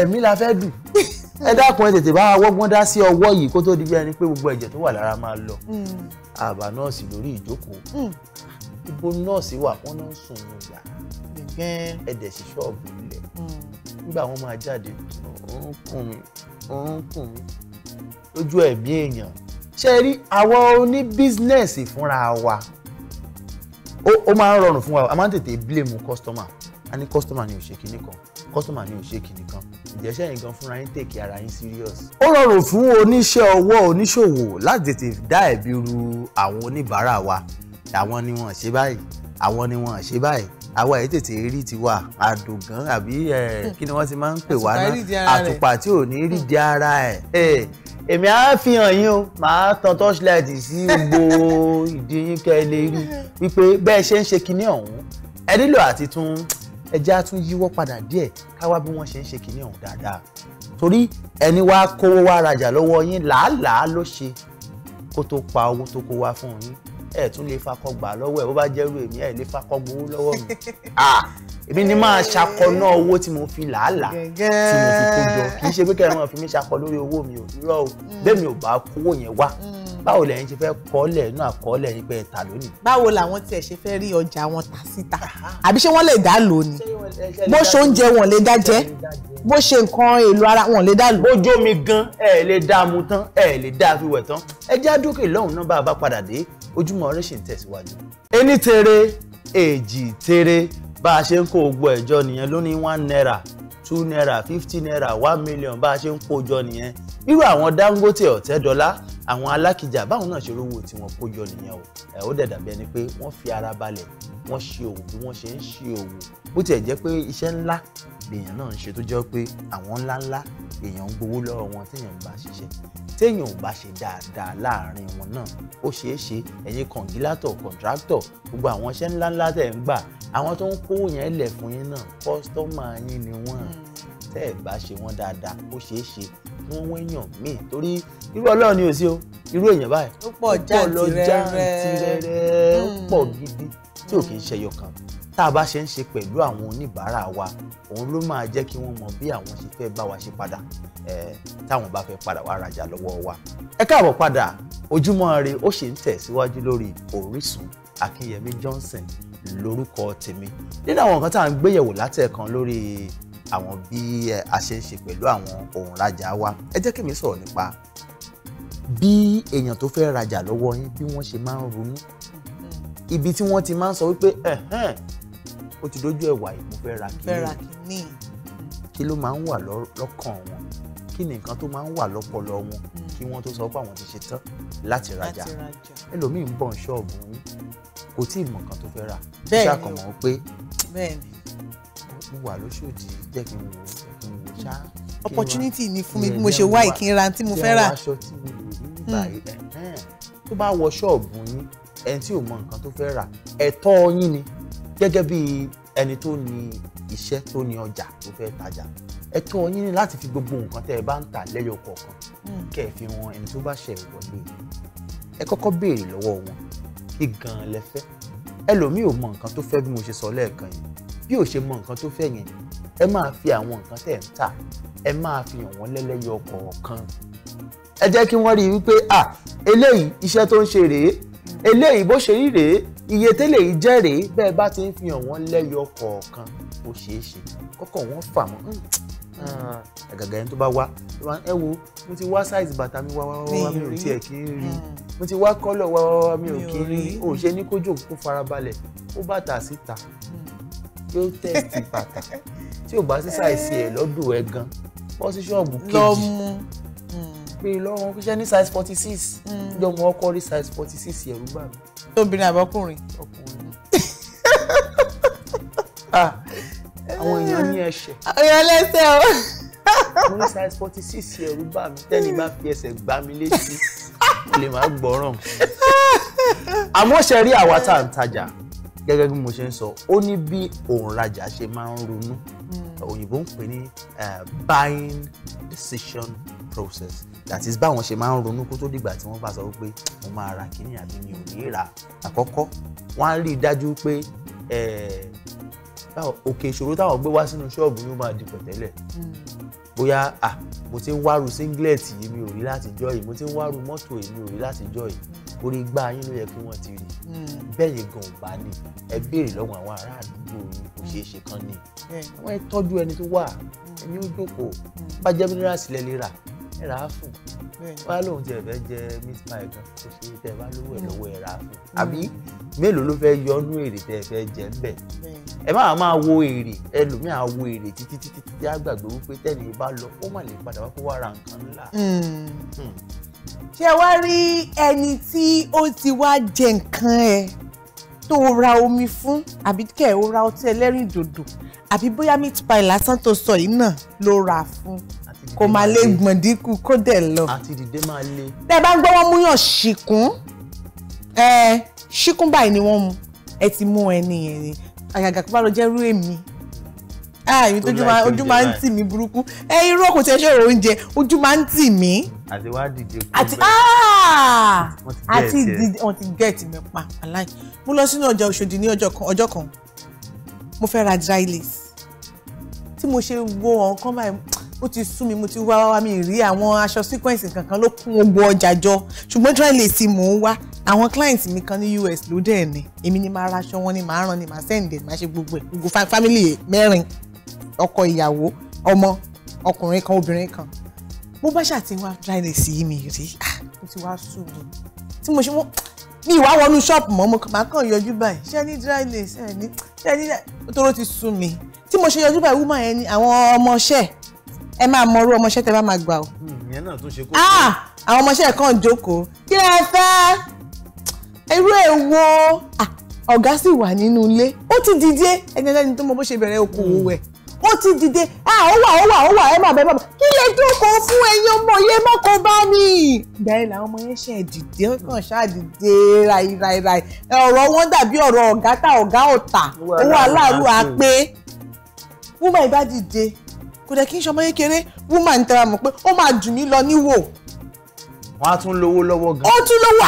ẹ̀mí la fẹ́ dù ẹ dákun ẹ tètè bá wa wọ́gbọ́n dá sí ọwọ́ yìí kó tó di bí ẹni pé gbogbo ẹ̀jẹ̀ tó wà lára máa lọ hmm. àbá nọ́ọ̀sì lórí ìjókòó hmm. ibo nọ́ọ̀sì wà wọ́n náà sùn ní ìyá gẹ́gẹ́ ẹ̀dẹ̀ sí ṣọ́ọ̀bù ilẹ̀ hmm. nígbà wọn máa jáde òun kùn mí òun kùn mí lójú ẹ̀mí èèyàn ṣe rí àwọn oní bísínẹ́sì fúnra wa ó máa ń rọrùn fún wa a máa ń tètè blame customer a ní customer ni ò ṣe kinní kan customer ni ò ṣe kinní kan ìjẹ́sẹ́ yìí gan fúnra yín tèkì ara yín serious. ó rọrùn fún oníṣẹ́ ọwọ́ oníṣòwò láti tètè dá ẹ̀bi ru àwọn oníbàárà wa àwọn ni wọ́n ṣe báyìí àwọn ni wọ́n ṣe báyìí àwa yìí tètè rí tiwa àdògán àbí kí ni wọ́n ti máa ń pè wá náà àtùpà tí ò ní rí di ara ẹ̀ èmi á fi hàn yín o màá tan torchlight sí gbogbo ìdí yín kẹ́ ẹ lè rí wípé bẹ́ẹ̀ ṣe ń ṣe kinní ọ̀hún ẹ nílò àti tún ẹjẹ́ á tún yíwọ́ padà díẹ̀ káwá bí wọ́n ṣe ń ṣe kìíní ọ̀hún dáadáa torí ẹni wá kówó wá rajà lọ́wọ́ yín làálàá ló ṣe kó tó pa owó tó kó wá fún yín ẹ tún lè fakọgbà lọ́wọ́ ẹ bó bá jẹ́ irú èmi ẹ lè fakọgbà owó lọ́wọ́ mi ah! èmi ni máa ṣàkọná owó tí mo fi làálàá tí mo fi kó jọ kì í ṣe pé kẹrin máa fi mí ṣakọ lórí owó mi ò rírọ o mm. bẹ́ẹ̀ mi ò bá kówó yẹn wá mm. báwo lẹ́yìn ṣe fẹ́ kọ́lẹ̀ inú àkọọ́lẹ̀ yín pé ẹ tà lónìí. báwo làwọn tiẹ̀ ṣe fẹ́ rí ọjà wọn tà síta àbí ṣé wọ́n lè dá lò ni bó ṣe oúnjẹ wọn lè dá jẹ bó ṣe nǹkan èlò ara wọn lè dá lò. bójú mi gan ẹ lè dá mu tán ẹ lè dá fi wẹ̀ tán ẹ já dókè lọ́hùn náà bá a bá padà dé ojúmọ́ ire ṣì ń tẹ̀síwájú. ení tere èjì tere bá a ṣe ń kó gbogbo ẹ̀jọ́ nìyẹn ló ní one naira two naira fifty naira one million bá a ṣe ń kó jọ nìyẹn irú àwọn Dangote ọ̀tẹ́dọ́lá àwọn alákìjà báwọn náà ṣe rówó tí wọ́n kó jọ nìyẹn o ẹ̀ ó dẹ̀dà bẹ́ẹ̀ ni pé wọ́n fi ara balẹ̀ wọ́n ṣe òwò bí wọ́n ṣe ń ṣe òwò bó tiẹ̀ jẹ́ pé iṣẹ́ ńlá lèèyàn náà ń ṣe tó jẹ́ pé àwọn ńláńlá èèyàn ń gbowó lọ́wọ́ wọn téèyàn ń bá ṣiṣẹ́ téèyàn ò bá ṣe dáadáa láàrin wọn náà ó ṣeé ṣe ẹ̀yin kọ̀ǹgílátọ̀ kọ̀ǹtráktọ̀ gbogbo àwọn iṣẹ́ ńláńlá tẹ̀ ń gbà àwọn tó ń kówó yẹn lẹ̀ fún yín náà kọ́sítọ́mà yín ni wọ́n hmm. tẹ́ ẹ̀ bá ṣe wọ́n dáadáa ó ṣeé ṣe kí wọ́n wéyàn míì torí irú ọlọ́run ni ò sí o irú èèyàn báyìí ó pọ̀ lọ jáàntì ó hmm. pọ̀ gidi tí ò kì í ṣẹyọ kan tá a bá ṣe ń ṣe pẹ̀lú àwọn oníbàárà wa òun ló máa jẹ́ kí wọ́n mọ bí àwọn ṣe fẹ́ bá wa ṣe padà táwọn bá fẹ́ padà wá rajà lọ́wọ́ wa. ẹ káàbọ̀ padà ojúmọ́ ire ó ṣe ń tẹ̀síwájú lórí Orísun Akínyẹmí Johnson lórúkọ tèmi nínú àwọn nǹkan tá à ń gbéyẹ̀wò látẹ̀kan lórí àwọn bí a ṣe ń ṣe pẹ̀lú àwọn òǹrajà wa ẹ jẹ́ kí mi sọ̀rọ̀ nípa bí èèyàn tó fẹ́ rajà lọ́wọ́ yín bí wọ́n ṣe máa ń ronú ibi tí wọ́n ti máa ń sọ wípé ó ti dójú ẹ̀wà yìí mo fẹ́ ra kìíní. fẹ́ ra kìíní. kí ló máa ń wà lọ́kàn wọn kí ni nǹkan tó máa ń wà lọ́pọlọ wọn kí wọ́n tó sọ pé àwọn ti ṣe tán láti rajà ẹlòmíì ń bọ̀ ń ṣọ́ọ̀bù yín kò tí ì mọ̀ nǹkan tó fẹ́ rà ṣàkànmọ́ pé mo wà lóṣòdì jẹ́ kí n wò jẹ́ kí n wò ṣá. opportunity ni fún mi bí mo ṣe wá ìkínra tí mo fẹ́ rà. jẹ́ mo lò ní báyìí tó bá wọ ṣọ́ọ̀bù yín ẹni tí ò mọ̀ nǹkan tó fẹ́ rà ẹ̀tọ́ yín ni gẹ́gẹ́ bí ẹni tó ní iṣẹ́ tó ní ọjà tó fẹ́ tajà ẹ̀tọ́ yín ni láti fi gbogbo nǹkan tẹ́ ẹ bá ń tà lẹ́yọ kọ̀ọ̀kan hmm. kẹ́ ẹ fi wọn ẹni tó bá ṣẹ̀ wọlé ẹ kọ́kọ́ béèrè lọ́wọ́ wọn kí gan-an lẹ fẹ́ ẹlòmíì ò mọ nǹkan tó fẹ́ bí mo ṣe sọ lẹ́ẹ̀kan yìí bí ò ṣe mọ nǹkan tó fẹ́ yẹn ẹ máa fi àwọn nǹkan tẹ́ ẹ ń tà ẹ máa fi hàn wọ́n lẹ́lẹ́yọ kọ̀ọ̀kan ẹ jẹ́ kí wọ́n rí i wípé ah eléyìí iṣẹ́ tó ń ṣe rèé eléyìí bó ṣe rí rèé iye tẹ́lẹ̀ yìí jẹ́rìí bẹ́ẹ̀ bá ti ń fi hàn wọ́n lẹ́yọ kọ̀ọ̀kan ó ṣeé ṣe kọ́kọ́ wọ́n fà mọ́ hmm, ah, àgàgà ẹni tó bá wá ẹ wo mo ti wá size bàtà mi wá wá wá mi ò tiẹ̀ kí n rí hmm. mo ti wá kọ́lọ̀ wá wá wá mi ò kí n rí o ṣe ní kójú òkú farabalẹ̀ ó bàtà síta hmm. yóò tẹ̀sí bàtà tí ò bá sí size ẹ̀ lọ́dọ̀ ẹ̀ gan bọ́ sí ṣọ́ọ̀bù kejì pé lọ́wọ́ kíṣẹ́ ní size forty six jọ hmm. mọ ọkọ rí size forty six ẹ̀rù bà mí. obìnrin àbọ̀kùnrin. ọkùnrin náà ah, àwọn èèyàn ní ẹsẹ̀. èèyàn lẹ́sẹ̀ o. mo ní size forty six ẹ̀rù bà mí tẹ́ni bá fi ẹsẹ̀ gbá mi létí mo lè má gbọ́ràn. àmọ́ ṣe rí àwa tá à ń tajà gẹ́gẹ́ bí mo ṣe ń sọ ó ní bí òǹrajà ṣe máa ń ronú. Mm òyìnbó ń pè ní eh, buying decision process that is báwọn ṣe máa ń ronú kó tó dìgbà tí wọ́n bá sọ wípé mo máa ra kíní àbí mi ò ní ra àkọ́kọ́ wọ́n á rí i dájú pé eh, òkè ìṣòro táwọn gbé wá sínú ṣọ́ọ̀bù ló máa dìpọ̀ tẹ́lẹ̀ hmm bóyá ah, mo ti ń wárú singlet yìí mi ò rí látijọ́ yìí mo ti ń wárú mọ́tò yìí mi ò rí látijọ́ yìí orí gbá yín ló yẹ kí wọ́n ti rí hmm. bẹ́ẹ̀ gan ò bá ní ẹ béèrè lọ́wọ́ àwọn ará àdúgbò yìí kò ṣeé ṣe kán ní hmm. wọ́n ẹ tọ́jú ẹni tó wà ẹni ó jókòó hmm. bá jẹ́ mineral sílẹ̀ lè rà ẹ rà á fún wá lóun tiẹ̀ fẹ́ jẹ miss my gan kò sí tẹ bá lówó ẹ lọ́wọ́ ẹ rà á fún àbí mélòó ló fẹ́ yọ ọ́nú èrè tẹ fẹ́ jẹ ńbẹ̀ ẹ máa máa wo èrè ẹlòmíì á wo èrè títí títí tí á gbàgbé wípé tẹ́lẹ̀ bá lọ ó mà lè padà wá kó wá ra nǹkan ńlá. Mm. Hmm. ṣé wàá rí ẹni tí ó ti wá jẹ nǹkan ẹ tó ra omi fún àbí kẹ́ ó ra ọtí ẹlẹ́rìndòdò àbí bóyá meat pie lásán tó sọ yìí náà ló rà fún kò máa lè gbọ̀n dínkù kó dẹ̀ lọ. àti dìde máa le. tẹ bá ń gbọ́ wọ́n múyàn ṣìkún ṣìkún báyìí ni wọ́n mu ẹ ti mú ẹni yẹn ni àgàgà pípa lọ jẹ́rú èmi àmì tójú máa ojú máa ń tì mí burúkú ẹ irú ọkùnrin tí ẹ ṣòro oúnjẹ ojú máa ń tì mí. àti wá dìde kó bẹ́ẹ̀ àti dìde wọ́n ti gẹ̀ẹ́tì mi pa aláì mo lọ sínú ọjà Òṣòdì ní ọjọ́ kan mo fẹ́ ra dry lace tí mo ṣe wo ọ̀kan báyìí ó ti sú mi mo ti wá wá mi rí àwọn aṣọ sequence kankan ló kún gbogbo ọjà jọ ṣùgbọ́n dry lace mò ń wá àwọn clients mi kan ní US ló dẹ̀ ní èmi ni máa raṣọ wọn ni màá rán ni màá send ẹ̀ màá ṣe gbogbo ẹ̀ gbogbo family mẹ́rin ọkọ ìyàwó ọmọ ọkùnrin kan obìnrin kan mo bá ṣàtiwá dry lace yìí mi rí mo ah, ti wá sú mi tí mo ṣe wọ́n mi ìwà wọnú ṣọ́ọ̀pù mọ́ mo máa kàn yọjú báyìí ṣé ní dry lace ẹ̀ ní ṣé ní tóró ti sú mi tí mo ṣe yọjú báyìí woman ẹni àwọn ọmọọṣẹ́ ẹ máa mọ orú ọmọṣẹ́ tẹ bá máa gbà o. Hmm, ìyẹn náà tún ṣe kó. Ah! àwọn ọmọṣẹ́ kan jókòó kí lẹ fẹ́ irú èwo ah, ọ̀gá sì wà nínú ilé ó ti dìde ẹni ẹlẹ́ni tó mọ bó ṣe bẹ̀rẹ̀ okòwò hmm. ẹ̀ ó ti dìde ah, ó wà ó wà ó wà ẹ máa bẹ bàbá kí lè jókòó fún ẹ̀yin ọmọ yẹn mọ́kọ bá mi. ìgbà yẹn làwọn ọmọ yẹn ṣe dìde ó kàn ṣáà dìde ráìráìráì ọ̀rọ̀ wọn dàbí ọ̀rọ̀ ọ̀gá ta ọ̀gá ọ̀tà owó aláàrú àpé wúmọ̀ ìbá dìde kò dẹ̀ kí n ṣọmọ kékeré woman tẹ́ra mọ̀ pé ó máa jù mí lọ níwò. wọ́n á tún lówó lọ́wọ́ gan. ó tún lówó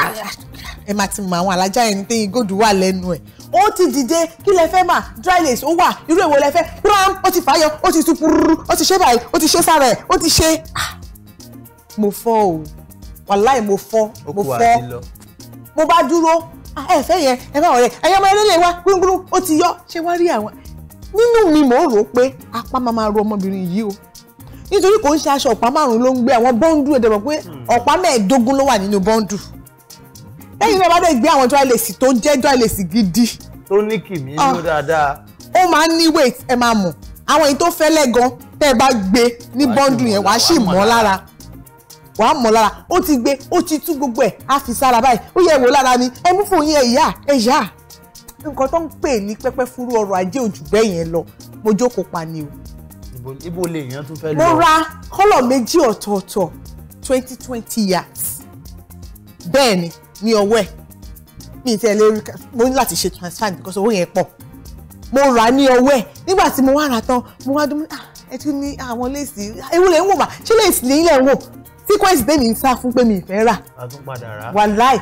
ẹ máa ti mọ àwọn alájà ẹni tẹ́yìn gòdù wà lẹ́nu ẹ̀ ó ti dìde kí lẹ fẹ́ mà dry lace ó wà irú èwo lẹ fẹ́ pram ó ti fàyọ ó ti tu pururu ó ti ṣe báyìí ó ti ṣe sára ẹ̀ ó ti ṣe. Ah! mo fọ́ o wàláì mo fọ́ mo fọ́ mo bá dúró ah, ẹ fẹ́ yẹn ẹ bá wọlé ẹ̀yọ́ ọmọ eré lè wá gbúngbúrú ó ti yọ ṣé wọ́n rí àwọn nínú mi mò ń rò ó pé apá máa máa ro ọmọbìnrin yìí o nítorí kò ń ṣe aṣọ ọ̀pá márùn-ún ló ń gbé àwọn bọ́ńdù ẹ̀dẹ̀ mọ̀ pé hmm. ọ̀pá mẹ́ẹ̀ẹ́dógún ló wà nínú bọ́ńdù lẹ́yìn náà bá dẹ̀ gbé àwọn jọ́ọ̀lẹ̀sì tó jẹ́ jọ́ọ̀lẹ̀sì gidi. tó ní kìmí ló ah. dáadáa. ó máa ń ní weight ẹ máa mọ̀ àwọn èyí tó fẹ́lẹ́ gan tẹ́ ẹ bá gbé ní bọ́ńdù yẹn wàá sì mọ́ lára wàá mọ̀ lára ó ti gbé ó ti tú gbogbo ẹ̀ á fi sára báyìí ó yẹ wò lára ni ẹ mú fún yín ẹ yá nǹkan tó ń pè ní pẹ́pẹ́ fúru ọrọ̀ ajé òjù bẹ́ẹ̀ yẹn lọ mo jókòó pa ni o. ibo lè yàn tún fẹ́ lọ. mo ra kọ́lọ̀ méjì ọ̀tọ̀ọ̀tọ̀ twenty twenty yards bẹ́ẹ̀ ni ní ọwọ́ ẹ̀ mi ìtẹ́ lè rí mo ní láti ṣe transfer because owó yẹn pọ̀ mo rà á ní ọwọ́ ẹ̀ nígbà tí mo wá rà tán mo wá dúró ah, ẹ tún ní àwọn léèsì ewu lè ń wò mà ṣé léèsì lè ń ń wò sequence tèmi ń sá fún pé mi ìfẹ́ rà wàláì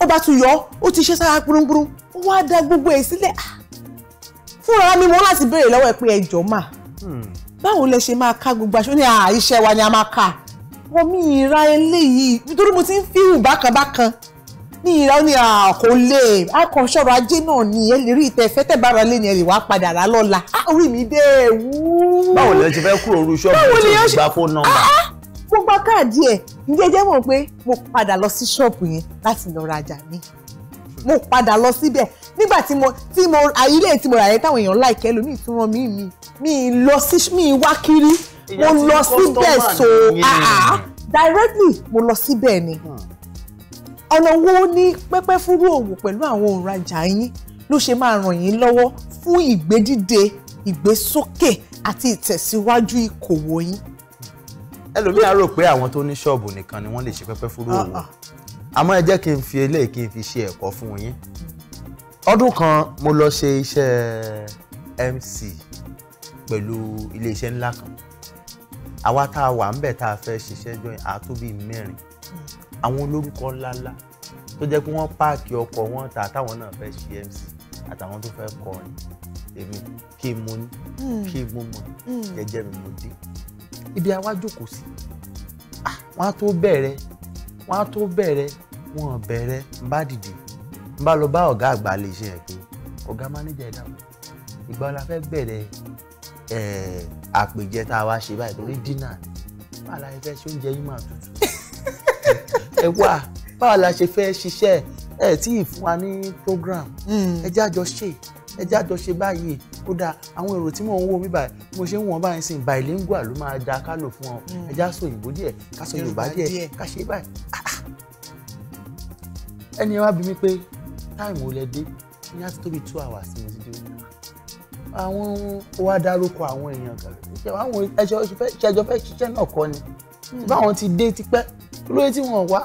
ó bá tún yọ ó ti ṣe sára gbúrúgbúrú ó wá da gbogbo ẹ̀ sílẹ̀ ah! fúnra mi mo láti béèrè lọ́wọ́ ẹ pé ẹ jọ mà hmm. báwo lẹ ṣe máa ká gbogbo aṣọ ní ah, iṣẹ́ wa ni a máa ká wọn mi ìra eléyìí nítorí mo ti ń fíhùn bákanbákan ní ìra ó ní àkó ah, lè akàn ṣọ́rọ̀ ajé náà ni ẹ lè rí ìtẹ fẹtẹ bára lé ni ẹ lè wá padà rà lọ́la orí mi dé wú. báwo lẹ ṣe fẹ́ kúrò orú ṣọ́ọ̀bù tó gba fóònù nọ́mbà mo gba káàdì ẹ̀ ǹjẹ́jẹ́ mọ̀ pé mo padà lọ sí ṣọ́ọ̀bù yẹn láti lọ rajà mi mo padà lọ síbẹ̀ nígbà tí mo tí mo àyílé tí mo rà yẹn táwọn èèyàn láìkẹ́ lómi ìtura mi mi mi lọ sí mi wá kiri mo lọ síbẹ̀ so ah, ah. directly mo lọ síbẹ̀ ni hmm. ọ̀nà wo ni pẹ́pẹ́ fúrú òwò pẹ̀lú àwọn òǹrajà yín ló ṣe máa ràn yín lọ́wọ́ fún ìgbédìde ìgbésókè àti ìtẹ̀síwájú ìkòwò yín ẹlòmíà rò pé àwọn tó ní ṣọ́ọ̀bù nìkan ni wọ́n lè ṣe pẹ́pẹ́ fúrú òwò ah, ah. àmọ́ ẹ jẹ́ kí n fi eléyìí kí n fi ṣe ẹ̀kọ́ fún yín ọdún kan mo lọ ṣe iṣẹ́ MC pẹ̀lú iléeṣẹ́ ńlá kan àwa tá a wà ń bẹ̀ tá a fẹ́ ṣiṣẹ́ jọyìn àátó bíi mẹ́rin àwọn olórúkọ ńláńlá tó jẹ́ pé wọ́n páàkì ọkọ̀ wọn tà táwọn náà fẹ́ ṣe MC àtàwọn tó fẹ́ kọrin èmi kí n mo ní hmm. kí n mo mọ̀ jẹ́jẹ́ hmm. mi mo dé ibi àwa jókòó sí ah, wọ́n á tó bẹ̀rẹ̀ wọ́n á tó bẹ̀rẹ̀ wọ́n bẹ̀rẹ̀ ń bá dìde ń bá lọ bá ọ̀gá àgbà lè ṣe ẹ̀ pé ọ̀gá mánéjà ẹ̀dá ìgbà la fẹ́ bẹ̀rẹ̀ àpèjẹ tá a wá ṣe báyìí torí dínà báwa la fẹ́ ṣe oúnjẹ yìí máa tutù ẹ wá báwa la ṣe fẹ́ ṣiṣẹ́ ẹ tí ì fún wa ní program hmm. ẹ jájọ ṣe ẹ jájọ ṣe báyìí ó dáa àwọn èrò tí mò ń wò mí báyìí bí mo ṣe ń wọ̀n báyìí sìn bilingual ló máa da ká lò fún ọ ẹja sọ òyìnbó díẹ̀ ká sọ yorùbá díẹ̀ ká ṣe báyìí ẹni wá bí mi pé táìmù ò lẹ dé ní láti tóbi two hours ní ti dé àwọn wa dárúkọ àwọn èèyàn kan àwọn ẹjọ fẹ́ ṣiṣẹ́ náà kọ́ ni hmm. báwọn ti dé tipẹ́ olóyè tí wọ́n wá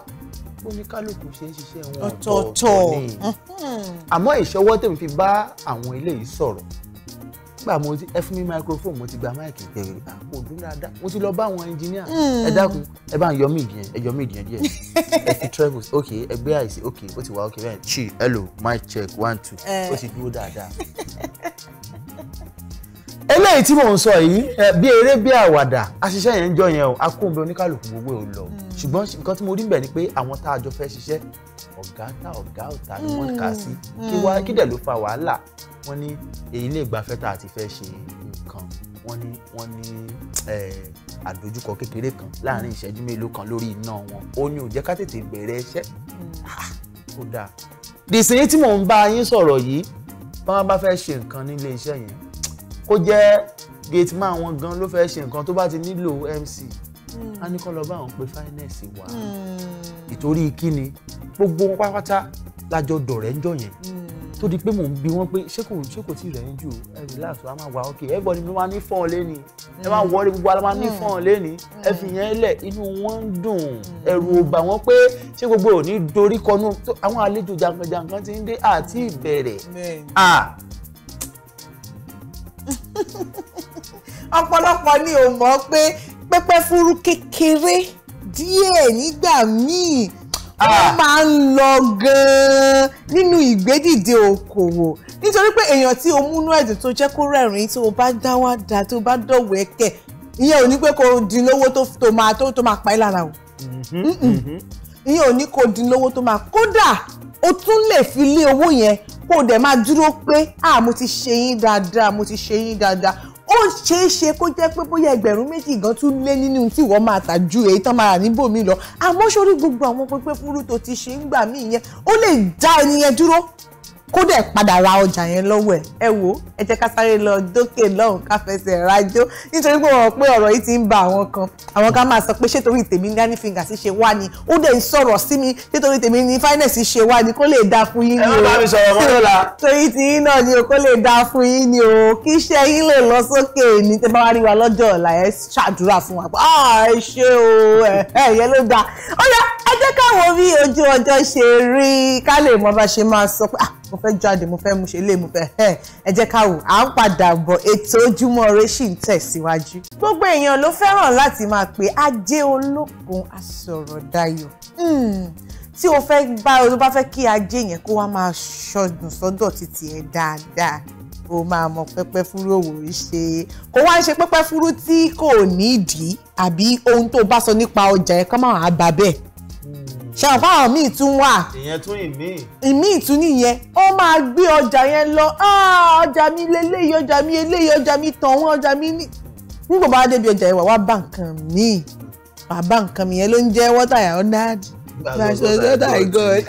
oníkálukú ṣe ń ṣiṣẹ́ wọn ọ̀tọ̀ọ̀tọ̀ ni hmm. àmọ́ ìṣọwọ́ tèmi fi bá àwọn eléyìí sọ̀rọ̀ nígbà mo ti ẹ fún mi microphone mo ti gba máìkì gbẹ̀rẹ̀ àpò ọdún dáadáa mo ti lọ bá àwọn ẹnjìníà hmm. ẹ dákun ẹ bá ń yọ mí ìdíyẹn ẹ yọ mí ìdíyẹn díẹ̀ ẹ fi travels ok ẹ gbé àìsí ok ó ti wà ok bẹ́ẹ̀ chi hello mic check one two eh. ó ti dúró dáadáa. eléyìí tí mò ń sọ yìí bí eré bí àwàdà aṣiṣẹ́ yẹn ń jọ yẹn o a kó omi oníkàlùkù gbogbo ò lọ hmm. ṣùgbọ́n nǹkan tí mo rí bẹ̀ ni pé àwọn tá a jọ fẹ́ ṣiṣẹ́ ọ̀gá tá ọ̀gá ọ̀tá ni wọ́n kà sí kí hmm. dẹ̀ wọ́n ní èyí lè gbafẹ́ tá a ti fẹ́ ṣe nǹkan wọ́n ní wọ́n ní àdójúkọ kékeré kan láàrin ìṣẹ́jú mélòó kan lórí iná wọn ó ní ò jẹ́ ká tètè bẹ̀rẹ̀ iṣẹ́ ah, ó dáa dìsìn tí mò ń bá yín sọ̀rọ̀ yìí bá wọn bá fẹ́ ṣe nǹkan nílé iṣẹ́ yẹn kó jẹ́ gate man wọn gan ló fẹ́ ṣe nǹkan tó bá ti nílò MC a ní kó lọ bá àwọn pé finance wà ìtorí hmm. kíni gbogbo wọn lájọ dọ̀rẹ́ ń jọ yẹn. Mm tó di pé mò ń bi wọ́n pé ṣé kò ṣé kò tí ì rẹ̀yìn jù ẹ relax wa máa wà ok everybody ló máa ní fọ́n léni ẹ máa mm. wọlé gbogbo ara máa ní mm. fọ́n léni ẹ fi yẹn lẹ̀ inú wọn ń dùn mm. ẹ̀rù ò bà wọ́n pé ṣé gbogbo ò ní dorí kọnú àwọn àlejò jàǹkànjàǹkàn ti ń dé àti ìbẹ̀rẹ̀ à ọ̀pọ̀lọpọ̀ ni ò mọ̀ pé pẹ́pẹ́ fúru kékeré díẹ̀ nígbà míì wọ́n ah. máa ń lọ gan-an nínú ìgbédìde okòwò nítorí pé èèyàn tí o múnú ẹ̀dùn tó jẹ́ kó rẹ́rìn-ín tó o bá dáwàdà tó o bá dọ̀wẹ́kẹ̀ ìyẹn ò ní pé kò dín lówó tó máa tó máa pa ẹ́ lára o mm-hmm, mm-hmm. ìyẹn ò ní kò dín lówó tó máa kódà o tún lè fi lé owó yẹn kó o dẹ̀ máa dúró pé ah mo ti ṣe yín dáadáa mo ti ṣe yín dáadáa ó ṣeé ṣe kó jẹ́ pé bóyá ẹgbẹ̀rún méjì gan tún lé nínú tí ìwọ máa tà ju èyí tán máa rà níbòmí lọ àmọ́ sórí gbogbo àwọn pẹpẹ fúru tó ti ṣe ń gbà mí ìyẹn ó lè dá ẹnìyẹn dúró kó dẹ̀ padà ra ọjà yẹn lọ́wọ́ ẹ̀ ẹ wò ẹ jẹ́ ká sáré lọ dókè lọ́hùn ká fẹsẹ̀ rajó nítorí pé wọ́n pé ọ̀rọ̀ yìí ti ń ba àwọn kan àwọn kan máa sọ pé ṣé torí tèmi ní anyfinger sì ṣe wá ni ó dẹ̀ ń sọ̀rọ̀ sí mi ṣé torí tèmi ní finance ṣe wá ni kó lè dáa fún yín ni o ẹ má bá mi sọ̀rọ̀ mọ́ lọ́la torí ti yín náà ni o kó lè dáa fún yín ni o kí iṣẹ́ yín lè lọ sókè ní tẹ́ bá wá rí wa lọ́jọ́ ọ̀la ẹ ṣàdúrà fún wa ah, ẹ ṣe o ẹ̀yẹ ló dáa ó yá mo fẹ́ jáde mo fẹ́ mu ṣe lé mo fẹ́ ẹ ẹ jẹ́ ká wò à ń padà bọ̀ ètò ojúmọ́ ire ṣì ń tẹ̀síwájú. gbogbo èèyàn ló fẹ́ràn láti máa pe ajé olókun asọ̀rọ̀dayọ̀ hmm, tí o fẹ́ bá o bá fẹ́ kí ajé yẹn kó wá máa ṣọdún sọ́dọ̀ títì ẹ̀ dáadáa o máa mọ pẹ́pẹ́ fúrú òwòrí ṣe kó wá ń ṣe pẹ́pẹ́ fúrú tí kò nídìí àbí ohun tó bá sọ nípa ọjà ẹ̀ kọ́ máa bá bẹ́ẹ̀ ṣàfáà míì tún wà. ìyẹn tún ìmíì. ìmíì tún nìyẹn ó máa gbé ọjà yẹn lọ ọjà mi lélẹ́yìí ọjà mi eléyìí ọjà mi tàn wọ́n ọjà mi ní. nígbà bá débi ọjà yẹn wà wá bá nǹkan míì wà nǹkan mi yẹn ló ń jẹ́ water yàrá dáàdì. Gbàgbọ́ gbàgbọ́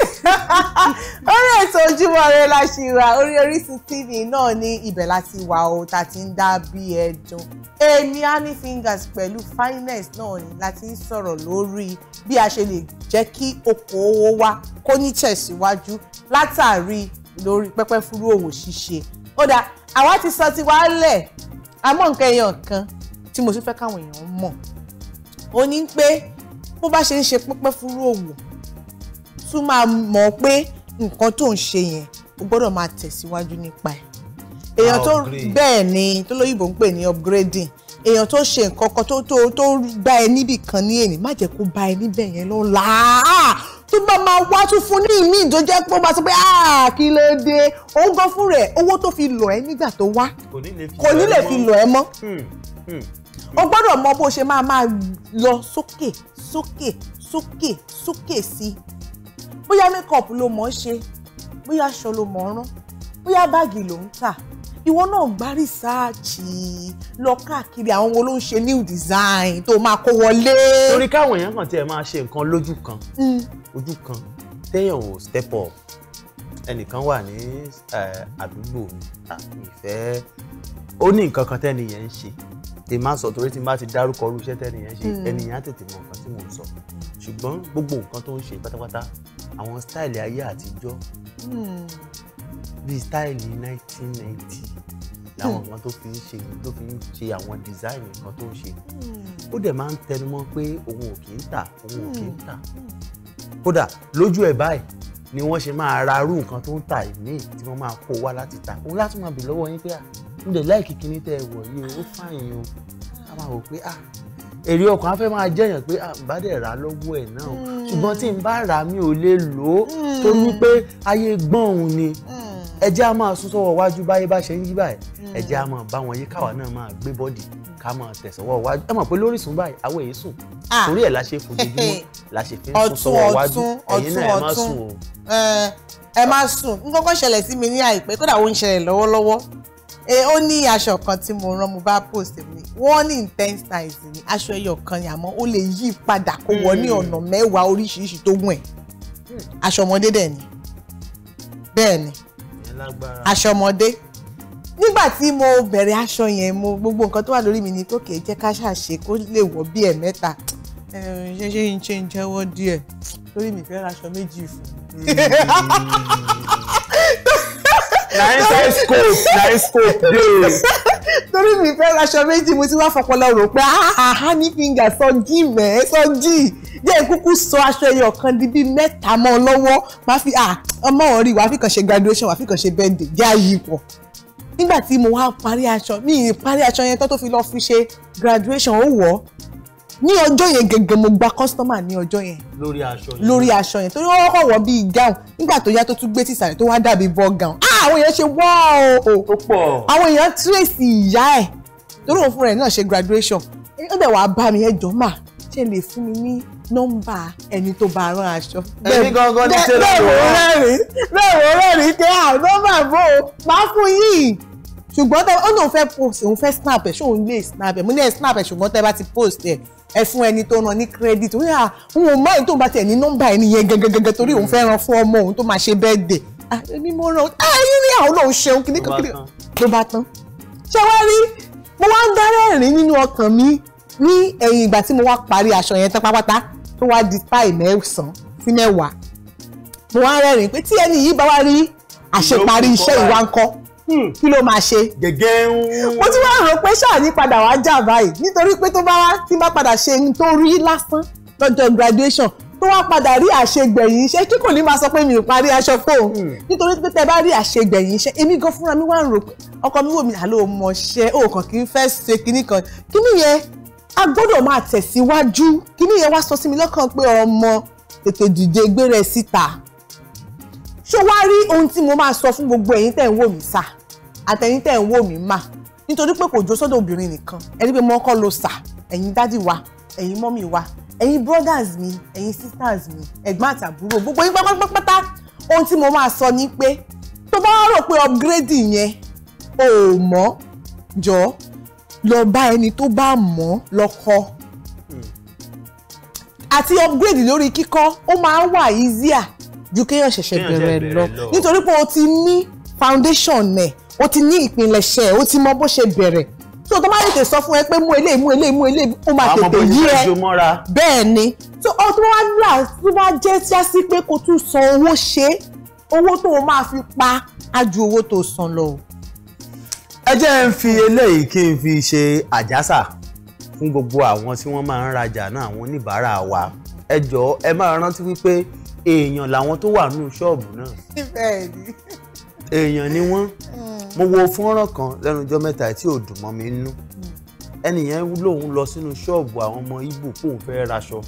orí ètò Ojúmọ́ Ire la ṣì wà orí Orísun TV náà ní ibẹ̀ láti wà o tá a ti ń dá bí ẹdun èmi honey fingers pẹ̀lú finance náà ni láti ń sọ̀rọ̀ lórí bí a ṣe lè jẹ́ kí okòwò wa kó ní tẹ̀síwájú látàrí lórí pẹ́pẹ́ fúrú òwò ṣíṣe ó àwa ti sọ tiwa lẹ̀ àmọ́ nǹkan èèyàn kan tí mo tún fẹ́ káwọn èèyàn mọ̀ ó ní pé bó bá ṣe ń ṣe pẹ́pẹ́ fúrú òwò tún máa mọ̀ pé nǹkan tó ń ṣe yẹn o gbọ́dọ̀ máa tẹ̀síwájú nípa ẹ̀ èèyàn tó bẹ́ẹ̀ ni tó lóyìnbó ń pè ní upgrading èèyàn tó ṣe nǹkan kan tó tó tó bá ẹ níbì kan ní èyí má jẹ́ kó bá ẹ níbẹ̀ yẹn lọ́la ah! tó bá máa wá tún fún ní ìmí tó jẹ́ pé ó máa sọ pé ah, kí ló dé òun gan fún rẹ̀ owó tó fi lọ ẹ nígbà tó wá kò ní lè fi lọ ẹ mọ́ o gbọ́dọ̀ mọ bó ṣe máa máa lọ sókè sókè sókè sókè sí i bóyá makeup ló mọ̀ ọ́ ṣe bóyá aṣọ ló mọ̀ ọ́ rán bóyá báàgì ló ń tà ìwọ náà gba rìsáàchì lọ káàkiri àwọn wo ló ń ṣe new design tó máa kó wọlé. torí káwọn èèyàn kan tiẹ̀ máa ṣe nǹkan lójú kan hmm. ojú kan téèyàn ò step up ẹnìkan wà ní àdúgbò mi ìfẹ́ ó ní nǹkan kan tẹ́ni yẹn ń ṣe tèmi máa sọ torí tí n bá ti dárúkọ irú iṣẹ́ tẹ́nìyàn ṣe hmm. ẹnìyàn á tètè mọ nǹkan tí mò ń sọ ṣùgbọ́n gbogbo nǹkan tó ń ṣe pátápátá àwọn stáìlì ayé àtijọ́ hmm. bíi stáìlì 1990 làwọn nǹkan tó fi ń ṣe tó fi ń ṣe àwọn design nǹkan tó ń ṣe hmm. ó dẹ̀ máa ń tẹnumọ́ pé òun ò kì í tà òun ò kì í tà kódà lójú ẹ̀ báyìí ni wọ́n ṣe máa ra irú nǹkan tó ń tà ìmíì tí wọ́n máa kó wá láti tà òun láti máa bì lọ́wọ́ yín pé à n dẹ̀ láì kìkì ní tẹ́ ẹ wọ̀ yìí ó fàyìn o a máa wò pé ah èrè ọkàn á fẹ́ máa jẹ́yàn pé ah bá dẹ̀ rà lọ́wọ́ ẹ̀ náà hmm. ṣùgbọ́n tí n bá rà mi ò lè lò ó hmm. tó ní pé ayé gbọ́n òun ni hmm. ẹ jẹ́ a máa sún sọ́wọ́ wájú báyé bá ṣe ń yí báyìí ẹ jẹ́ a máa bá wọn yí káwa náà máa gbé bọ́ọ̀lì ká máa tẹ̀sọ́wọ́ wájú ẹ mọ̀ pé lórí sùn báyìí àwọn èyí sùn ah. torí ẹ̀ la ṣe fojoojúmọ́ la ṣe fi ń sún sọ́wọ́ wájú ẹ̀yin náà ẹ má sùn o. Eh, ẹ má sùn n kọ́kọ́ ṣẹlẹ̀ sí mi ní àìpẹ́ kódà ó ń ṣẹlẹ̀ lọ́wọ́lọ́wọ́ ó ní aṣọ kan tí mo rán mo bá post mi wọ́n ní ten size ni aṣọ ẹyọ kan ni àmọ́ ó lè yí padà kó wọ ní hmm. ọ̀nà mẹ́wàá oríṣiríṣi tó wọ̀n ẹ̀ aṣọ ọmọdé dẹ̀ ni bẹ́ẹ̀ ni aṣọ ọmọdé nígbà tí mo bẹ̀rẹ̀ aṣọ yẹn mo gbogbo nǹkan tó wà lórí mi ni tó kè é jẹ́ ká ṣàṣe kó lè wọ̀ bí ẹ̀ mẹ́ta ṣe ṣe ń ṣe ń jẹ́wọ́ díẹ̀ torí mi fẹ́ raṣọ méjì fún hmm. un. na inside scope na scope dey. torí mi fẹ́ raṣọ méjì mo ti wá fọpọlọ rò pé aha ah, ní fíńgà sọjí mẹ́ẹ́ sọjí jẹ́ kúkú sọ aṣọ ẹyọ kan di bíi mẹ́ta mọ́ ọ lọ́wọ́ máa fi ah, ọmọ wọn wàá fi kàn ṣe graduation wàá fi kàn ṣe birthday jẹ́ àyè pọ̀ nígbà tí mo wá parí aṣọ mi ì parí aṣọ yẹn tó tó fi lọ́ọ́ fi ṣe graduation ó wọ̀ ọ́ ní ọjọ́ yẹn gẹ́gẹ́ mo gba kọ́sítọ́mà ní ọjọ́ yẹn. lórí aṣọ yẹn lórí aṣọ yẹn torí wọ́n kọ̀ wọ́ bíi gown nígbà tó yá tó tún gbé sísàlẹ̀ tó wá dàbí ball gown. Ah! àwọn èèyàn ṣe wọ́ọ̀ o. ó pọ̀. àwọn èèyàn tírèsì ìyá ẹ̀ torí òun fúnra ẹ̀ náà ṣe graduation. ó dẹ̀ wàá bá mi ẹjọ́ mà ṣe lè fún mi ní nọ́mbà ẹni tó bá rán aṣọ. ẹni gangan ní tẹ́lẹ̀ wò ó rẹ́rìn-ín bẹ́ẹ̀ wò ó rẹ́rìn-ín pé ah, àwọn ṣùgbọ́n tẹ ó ní fẹ́ post òun fẹ́ snap ẹ̀ ṣé òun lè snap ẹ̀ mo ní ẹ̀ snap ẹ̀ ṣùgbọ́n tẹ bá ti post ẹ̀ ẹ fún ẹni tó ràn ní credit wọ́n yà wọ́n mọ ẹni tó bá tiẹ̀ ní nọ́mbà ẹni yẹn gangan torí òun fẹ́ ràn fún ọmọ òun tó máa ṣe birthday ẹni ah, mo ràn á yín ní àwọn olóhùn ṣeun kìíní kan kìíní ló bá tán ṣé wá rí mo wá ń dárẹ́rìn nínú ọkàn mi ní ẹ̀yìn ìgbà tí mo wá parí aṣọ yẹn tán pápátá tó wá di páì mẹ́sàn-án sí mẹ́wàá mo wá rẹ́rìn pé tí ẹni yìí bá wá rí àṣeparí iṣẹ́ ìwà Hmm. kí ló máa ṣe. gẹ́gẹ́ ń. mo ti wá rò pé ṣáàní padà wá jà báyìí nítorí pé tó bá wá tí bá padà ṣe ohun tó rí lásán lọ́jọ́ graduation tó wá padà rí àṣegbẹ̀yìn iṣẹ́ kí kò ní máa sọ pé mi ò parí aṣọ fóun hmm. nítorí pé tẹ bá rí àṣegbẹ̀yìn iṣẹ́ èmi gan fúnra mi wá ń rò pé ọkọ mi wò mí àlọ́ mọ̀ọ́ṣẹ́ òòkàn kì í fẹ́ ṣe kinní kan kinní yẹn a gbọ́dọ̀ máa tẹ̀síwájú kinní yẹn wá sọ sí mi lọ́kàn pé ọmọ tètè dìde gbé síta ṣó wá rí ohun tí mo máa sọ fún gbogbo ẹ̀yin tẹ̀ ń wò mí sà àtẹ̀yin tẹ̀ ń wò mí mà nítorí pé kò jó sọ́dọ̀ obìnrin nìkan ẹni pé mo kọ́ lo sà ẹ̀yin dádì wa ẹ̀yin mọ́mì wa ẹ̀yin brothers mi ẹ̀yin sisters mi ẹ̀gbọ́n àtàbúrò gbogbo yín pátápátá ohun tí mo máa sọ ni pé tó bá rò pé upgrade yẹn ò mọ́ jọ lọ bá ẹni tó bá mọ́ lọ́kọ́ hmm. àti upgrade lórí kíkọ́ ó máa ń wà easier ju kéèyàn ṣẹ̀ṣẹ̀ bẹ̀rẹ̀ lọ nítorí pé o ti ní foundation ẹ̀ o ti ní ìpilẹ̀ṣẹ̀ o ti mọ bó ṣe bẹ̀rẹ̀ so tó bá tètè sọ fún ẹ pé mú eléyìí mú eléyìí mú eléyìí ó máa tètè yí ẹ bẹ́ẹ̀ ni so ọ tó wá là tó wá jẹ́ jásí pé kó tún san owó ṣe owó tó o máa fi pa á ju owó tó san lọ. ẹ jẹ́ ń fi eléyìí kí n fi ṣe àjásà fún gbogbo àwọn tí wọ́n máa ń rajà náà àwọn oníbàárà wa ẹ jọ̀ọ́ ẹ máa rántí wípé èèyàn làwọn tó wà nínú ṣọ́ọ̀bù náà èèyàn ni wọ́n hmm. mo wo fọ́nrán kan lẹ́nu ọjọ́ mẹ́ta tí ò dùn mọ́ mi nínú hmm. ẹnìyẹn lòun lọ sínú ṣọ́ọ̀bù àwọn ọmọ Ìgbò kóun fẹ́ raṣọ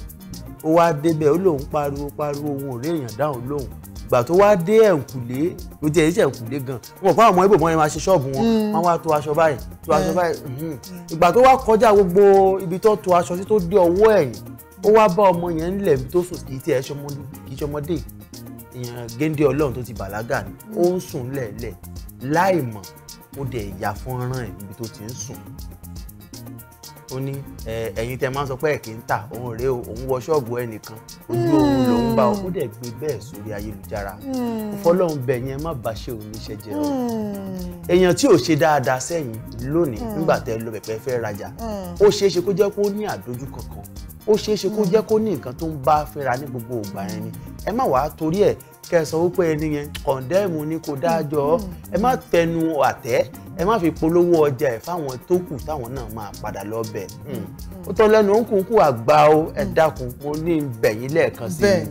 ó wá débẹ̀ ó lòun pariwo pariwo òun ò rí èèyàn dáhùn lòun ìgbà tó wá dé ẹ̀ǹkùlé ló jẹ́ ìṣẹ̀ ẹ̀ǹkùlé gan wọn fún àwọn ọmọ Ìgbò mọ́ ẹ máa ṣe ṣọ́ọ̀bù wọn hmm. wọn wá to aṣọ báyìí to aṣọ báyìí ìgbà tó wá kọjá gbogbo ibi tó to aṣọ sí tó dé ọwọ́ ẹ̀yìn ó wá bá ọmọ yẹn ńlẹ̀ tó sùn kì í tiẹ̀ ṣọmọdé kì í ṣọmọdé èèyàn géńdé ọlọ́run tó ti bàlágà ni ó ń sùn lẹ̀lẹ̀ láì mọ̀ ó dẹ̀ ya fọ́nrán ẹ̀ níbi tó ti ń sùn ó ní ẹ̀yin tẹ máa ń sọ pé ẹ̀kí ń tà òun rèé o òun wọ ṣọ́ọ̀bù ẹnìkan ojú òun ló ń bá ọ ó dẹ̀ gbé bẹ́ẹ̀ sórí ayélujára hmm. fọlọ́run bẹ̀ yẹn má bàa ṣe òun níṣẹ́ jẹ o hmm. èèyàn tí ò ṣe dáadáa sẹ́yìn lónìí hmm. nígbà tẹ lọ pẹ̀pẹ́ fẹ́ rajà ó ṣeé ṣe kó jẹ́ kó ní àdójú kankan ó ṣeé ṣe kó jẹ́ kó ní nǹkan tó ń bá fẹ́ra ní gbogbo ìgbà yẹn ni ẹ má wàá torí ẹ̀ kẹsàn-án ó pé ẹni yẹn kọ̀ǹdẹ́ẹ̀mù ni kò dájọ́ ẹ má tẹnu àtẹ́ ẹ má fi polówó ọjà ẹ fáwọn tó kù táwọn náà máa padà lọ bẹ̀. Hmm. ó tọ́ lẹ́nu ó ń kúnkún àgbà o ẹ hmm. dákun mo ní bẹ̀yìn lẹ́ẹ̀kan sí i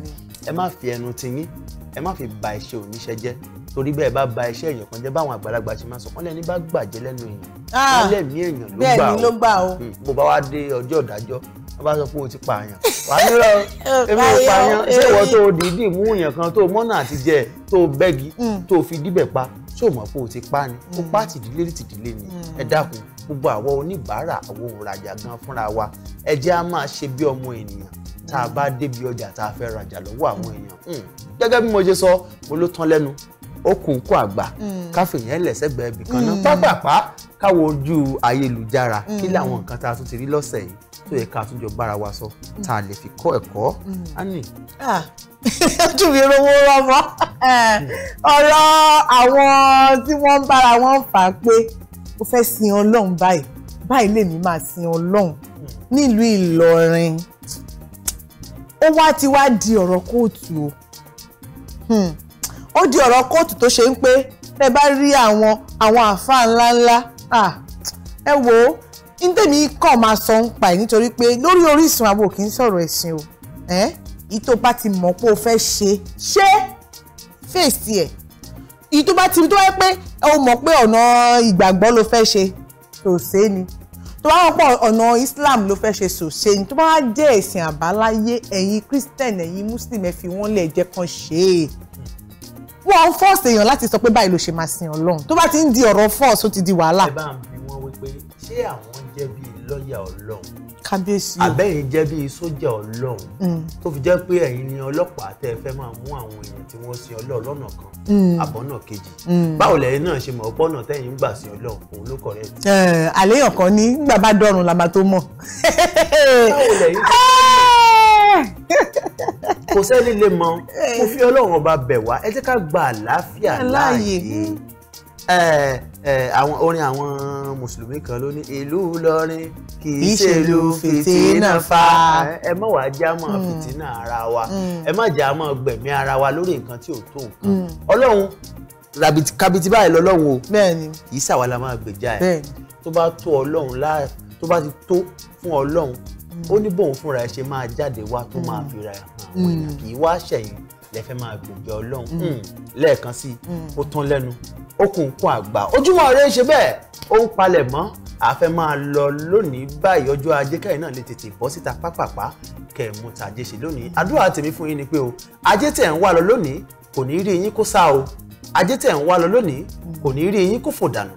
ẹ má fi ẹnu tiyín ẹ má fi ba iṣẹ́ oníṣẹ́ jẹ́ torí bẹ́ẹ̀ bá ba iṣẹ́ èèyàn kan jẹ́ báwọn àgbàlagbà ṣe máa sọ wọ́n lẹ́ni bá gbàjẹ́ lẹ́nu èèyàn ah! wọ́n lẹ́mí èèyàn ló gbà o bó hmm. bá wá dé ọjọ́ ìdájọ́ wọ́n bá sọ pé o ti pààyàn wà á nílò èmi ò pààyàn ṣé ìwọ tó dìídì mú èèyàn kan tó mọ́nà àtijẹ́ tó bẹ́gi tó fi díbẹ̀ pa tó mọ̀ pé o ti pa ni o pa hmm. tìdílé tìdílé ni hmm. ẹ dákun gbogbo àwọn oníbàárà àwọn òǹrajà gan fúnra wa ẹ jẹ́ á máa ṣe bí ọmọ ènìyàn tá a hmm. bá débi ọjà tá a fẹ́ rajà lọ́wọ́ àwọn èèyàn gẹ́gẹ́ bí mo ṣe sọ mo ló tán lẹ́nu ó kù ń kó àgbà káfíyàn lẹ́sẹ̀gbẹ́ ibì kan náà pápápá káwo ojú ayélujára kí làwọn nǹkan tá a tún ti rí lọ́sẹ̀ yìí tó yẹ ká àtúnjọ bára wa sọ mm. tá a lè fi kọ́ ẹ̀kọ́ mm. ani. Ah. ojú mi rówó rọmọ eh, ọ̀rọ̀ àwọn tí wọ́n ń bára wọn fà á pé ó fẹ́ sin ọlọ́run báyìí báyìí lèmi máa sin ọlọ́run mm. nílùú Ìlọrin ó wá ti wá di ọ̀rọ̀ kóòtù o hmm. ó di ọ̀rọ̀ kóòtù tó ṣe ń pé ẹ bá rí àwọn àwọn àáfàá ńláńlá ah. ẹ wò ó ntẹ̀mí kàn máa sọ ń pa ẹ̀ nítorí pé lórí Orísun àwo kì í sọ̀rọ̀ ẹ̀sìn o èyí tó bá ti mọ̀ pé o fẹ́ ṣe ṣé fèsì ẹ̀ èyí tó bá ti tó wáyé pé o mọ̀ pé ọ̀nà ìgbàgbọ́ ló fẹ́ ṣe tó ṣe ni tó bá wọ́n pọ̀ ọ̀nà Islam ló fẹ́ ṣe sòṣe ni tó bá jẹ́ ẹ̀sìn àbáláyé ẹ̀yin Christian ẹ̀yin Muslim ẹ̀ fi wọ́n lẹ̀ jẹ́ kan ṣe é wọ́n ń fọ́ọ̀sì èèyàn láti sọ pé báyìí ló ṣe máa sin Ọlọ́run tó bá ti ń di ọ̀rọ̀ fọ́ọ̀sì ó ti di wàhálà. ẹ bá mi wọ́n wí pé ṣé àwọn jẹ́ bíi lọ́ọ̀yà ọlọ́run kábíyèsí o àbẹ́yìn jẹ́ bíi sójà ọlọ́run mm. tó fi jẹ́ pé ẹ̀yin ni ọlọ́pàá tẹ́ ẹ fẹ́ máa mú àwọn èèyàn tí wọ́n sin ọlọ́run lọ́nà kan mm. àbọ̀nà kejì mm. báwo lẹ́yìn náà ṣe mọ̀ ọ́ pọ́nà tẹ́yìn ń gbà sin ọlọ́run òun ló kọ̀ rẹ́ ti. àléyàn kan ní gbà bá la máa tó mọ̀. kò sẹ́ni lè mọ mo fi ọlọ́run ọba bẹ̀ wá ẹ jẹ́ ká gba àlàáfíà láàyè àwọn orin àwọn mùsùlùmí kan ló ní ìlú Ìlọrin kì í ṣèlú fìtínà fa ẹ má wàá já mọ́ hmm. fìtínà ara wa hmm. ẹ má já mọ́ gbẹ̀mí ara wa lórí nǹkan tí ò tó nǹkan hmm. Ọlọ́run kabiti báyìí lọ́lọ́run o kì í ṣàwa la máa gbèjà ẹ̀ tó bá tó Ọlọ́run láà tó bá ti tó fún Ọlọ́run ó ní bóun fúnra ẹ ṣe máa jáde wá tó máa fi ra àwọn èèyàn kì í wá ṣẹ̀yìn lẹ́fẹ́ máa gbèjà Ọlọ́run lẹ́ẹ̀kan sí i ó tán lẹ́nu okùnkùn àgbà ojúmọ́ ire ń ṣe bẹ́ẹ̀ ó ń palẹ̀ mọ́ àfẹ́ máa lọ lónìí báyìí ọjọ́ ajé kẹ́yìn náà lè tètè bọ́ síta pápápá kẹ́ ẹ̀ mú tàjé ṣe lónìí àdúrà tèmi fún yín ni pé o ajé tẹ̀ ń wá lọ lónìí kò ní rí yín kó sá o ajé tẹ̀ ń wá lọ lónìí kò ní rí yín kó fò dànù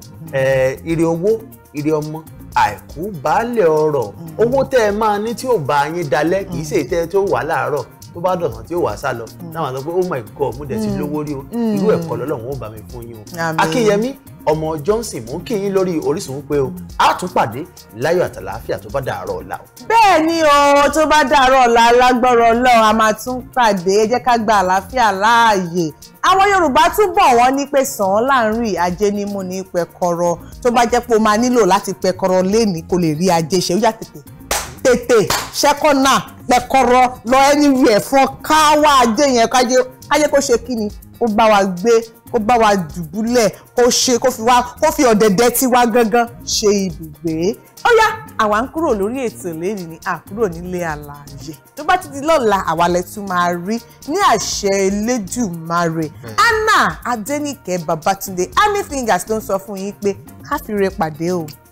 ire owó ire ọmọ àìkú baálé ọrọ̀ owó tẹ́ ẹ máa ní tí ò bá yín dalẹ̀ kì í ṣe tẹ́ tó wà láàárọ̀ tó bá dọ̀sán tí ó wà sá lọ náà mm. wọ́n sọ pé oh my god mo dẹ̀ ti mm. lówó rí o mm. irú ẹ̀kọ́ lọ́lọ́run ó bá mi fún yín o akínyẹmí ọmọ johnson mò ń kí yín lórí orísun pé o á tún pàdé láyọ̀ àtàlàáfíà tó bá dàárọ̀ ọ̀la o. bẹ́ẹ̀ ni o tó bá dàárọ̀ ọ̀la lágbọ́rọ̀ ọlọ́run a máa tún pàdé jẹ́ ká gba àlàáfíà láàyè àwọn yorùbá túbọ̀ wọ́n ní pé sàn láàrin ajé ní mú ní pẹkọrọ tó bá jẹ́ pé o máa nílò láti pẹkọrọ léèní kó lè rí ajé ṣe ó yà tètè tètè ṣẹ́kọ́nà lẹ́kọ̀rọ̀ lọ anywhere fún káwá ajé yẹn kájé kó ṣe kí ni kó bá wa gbé kó bá wa dùbúlẹ̀ kó ṣe kó fi wá kó fi ọ̀dẹ̀dẹ̀ tí wá gángan ṣe ibùgbé ó yá àwa ń kúrò lórí ètò lẹ́yìn ní àkúrò nílé àlàyé tó bá ti di lọ́la àwa lẹ tún máa rí ní àṣẹ Elédùmarè hmm. Anna Adéníkẹ́ Babátúndé honey fingers ló ń sọ fún yín pé káfíńre pàdé o.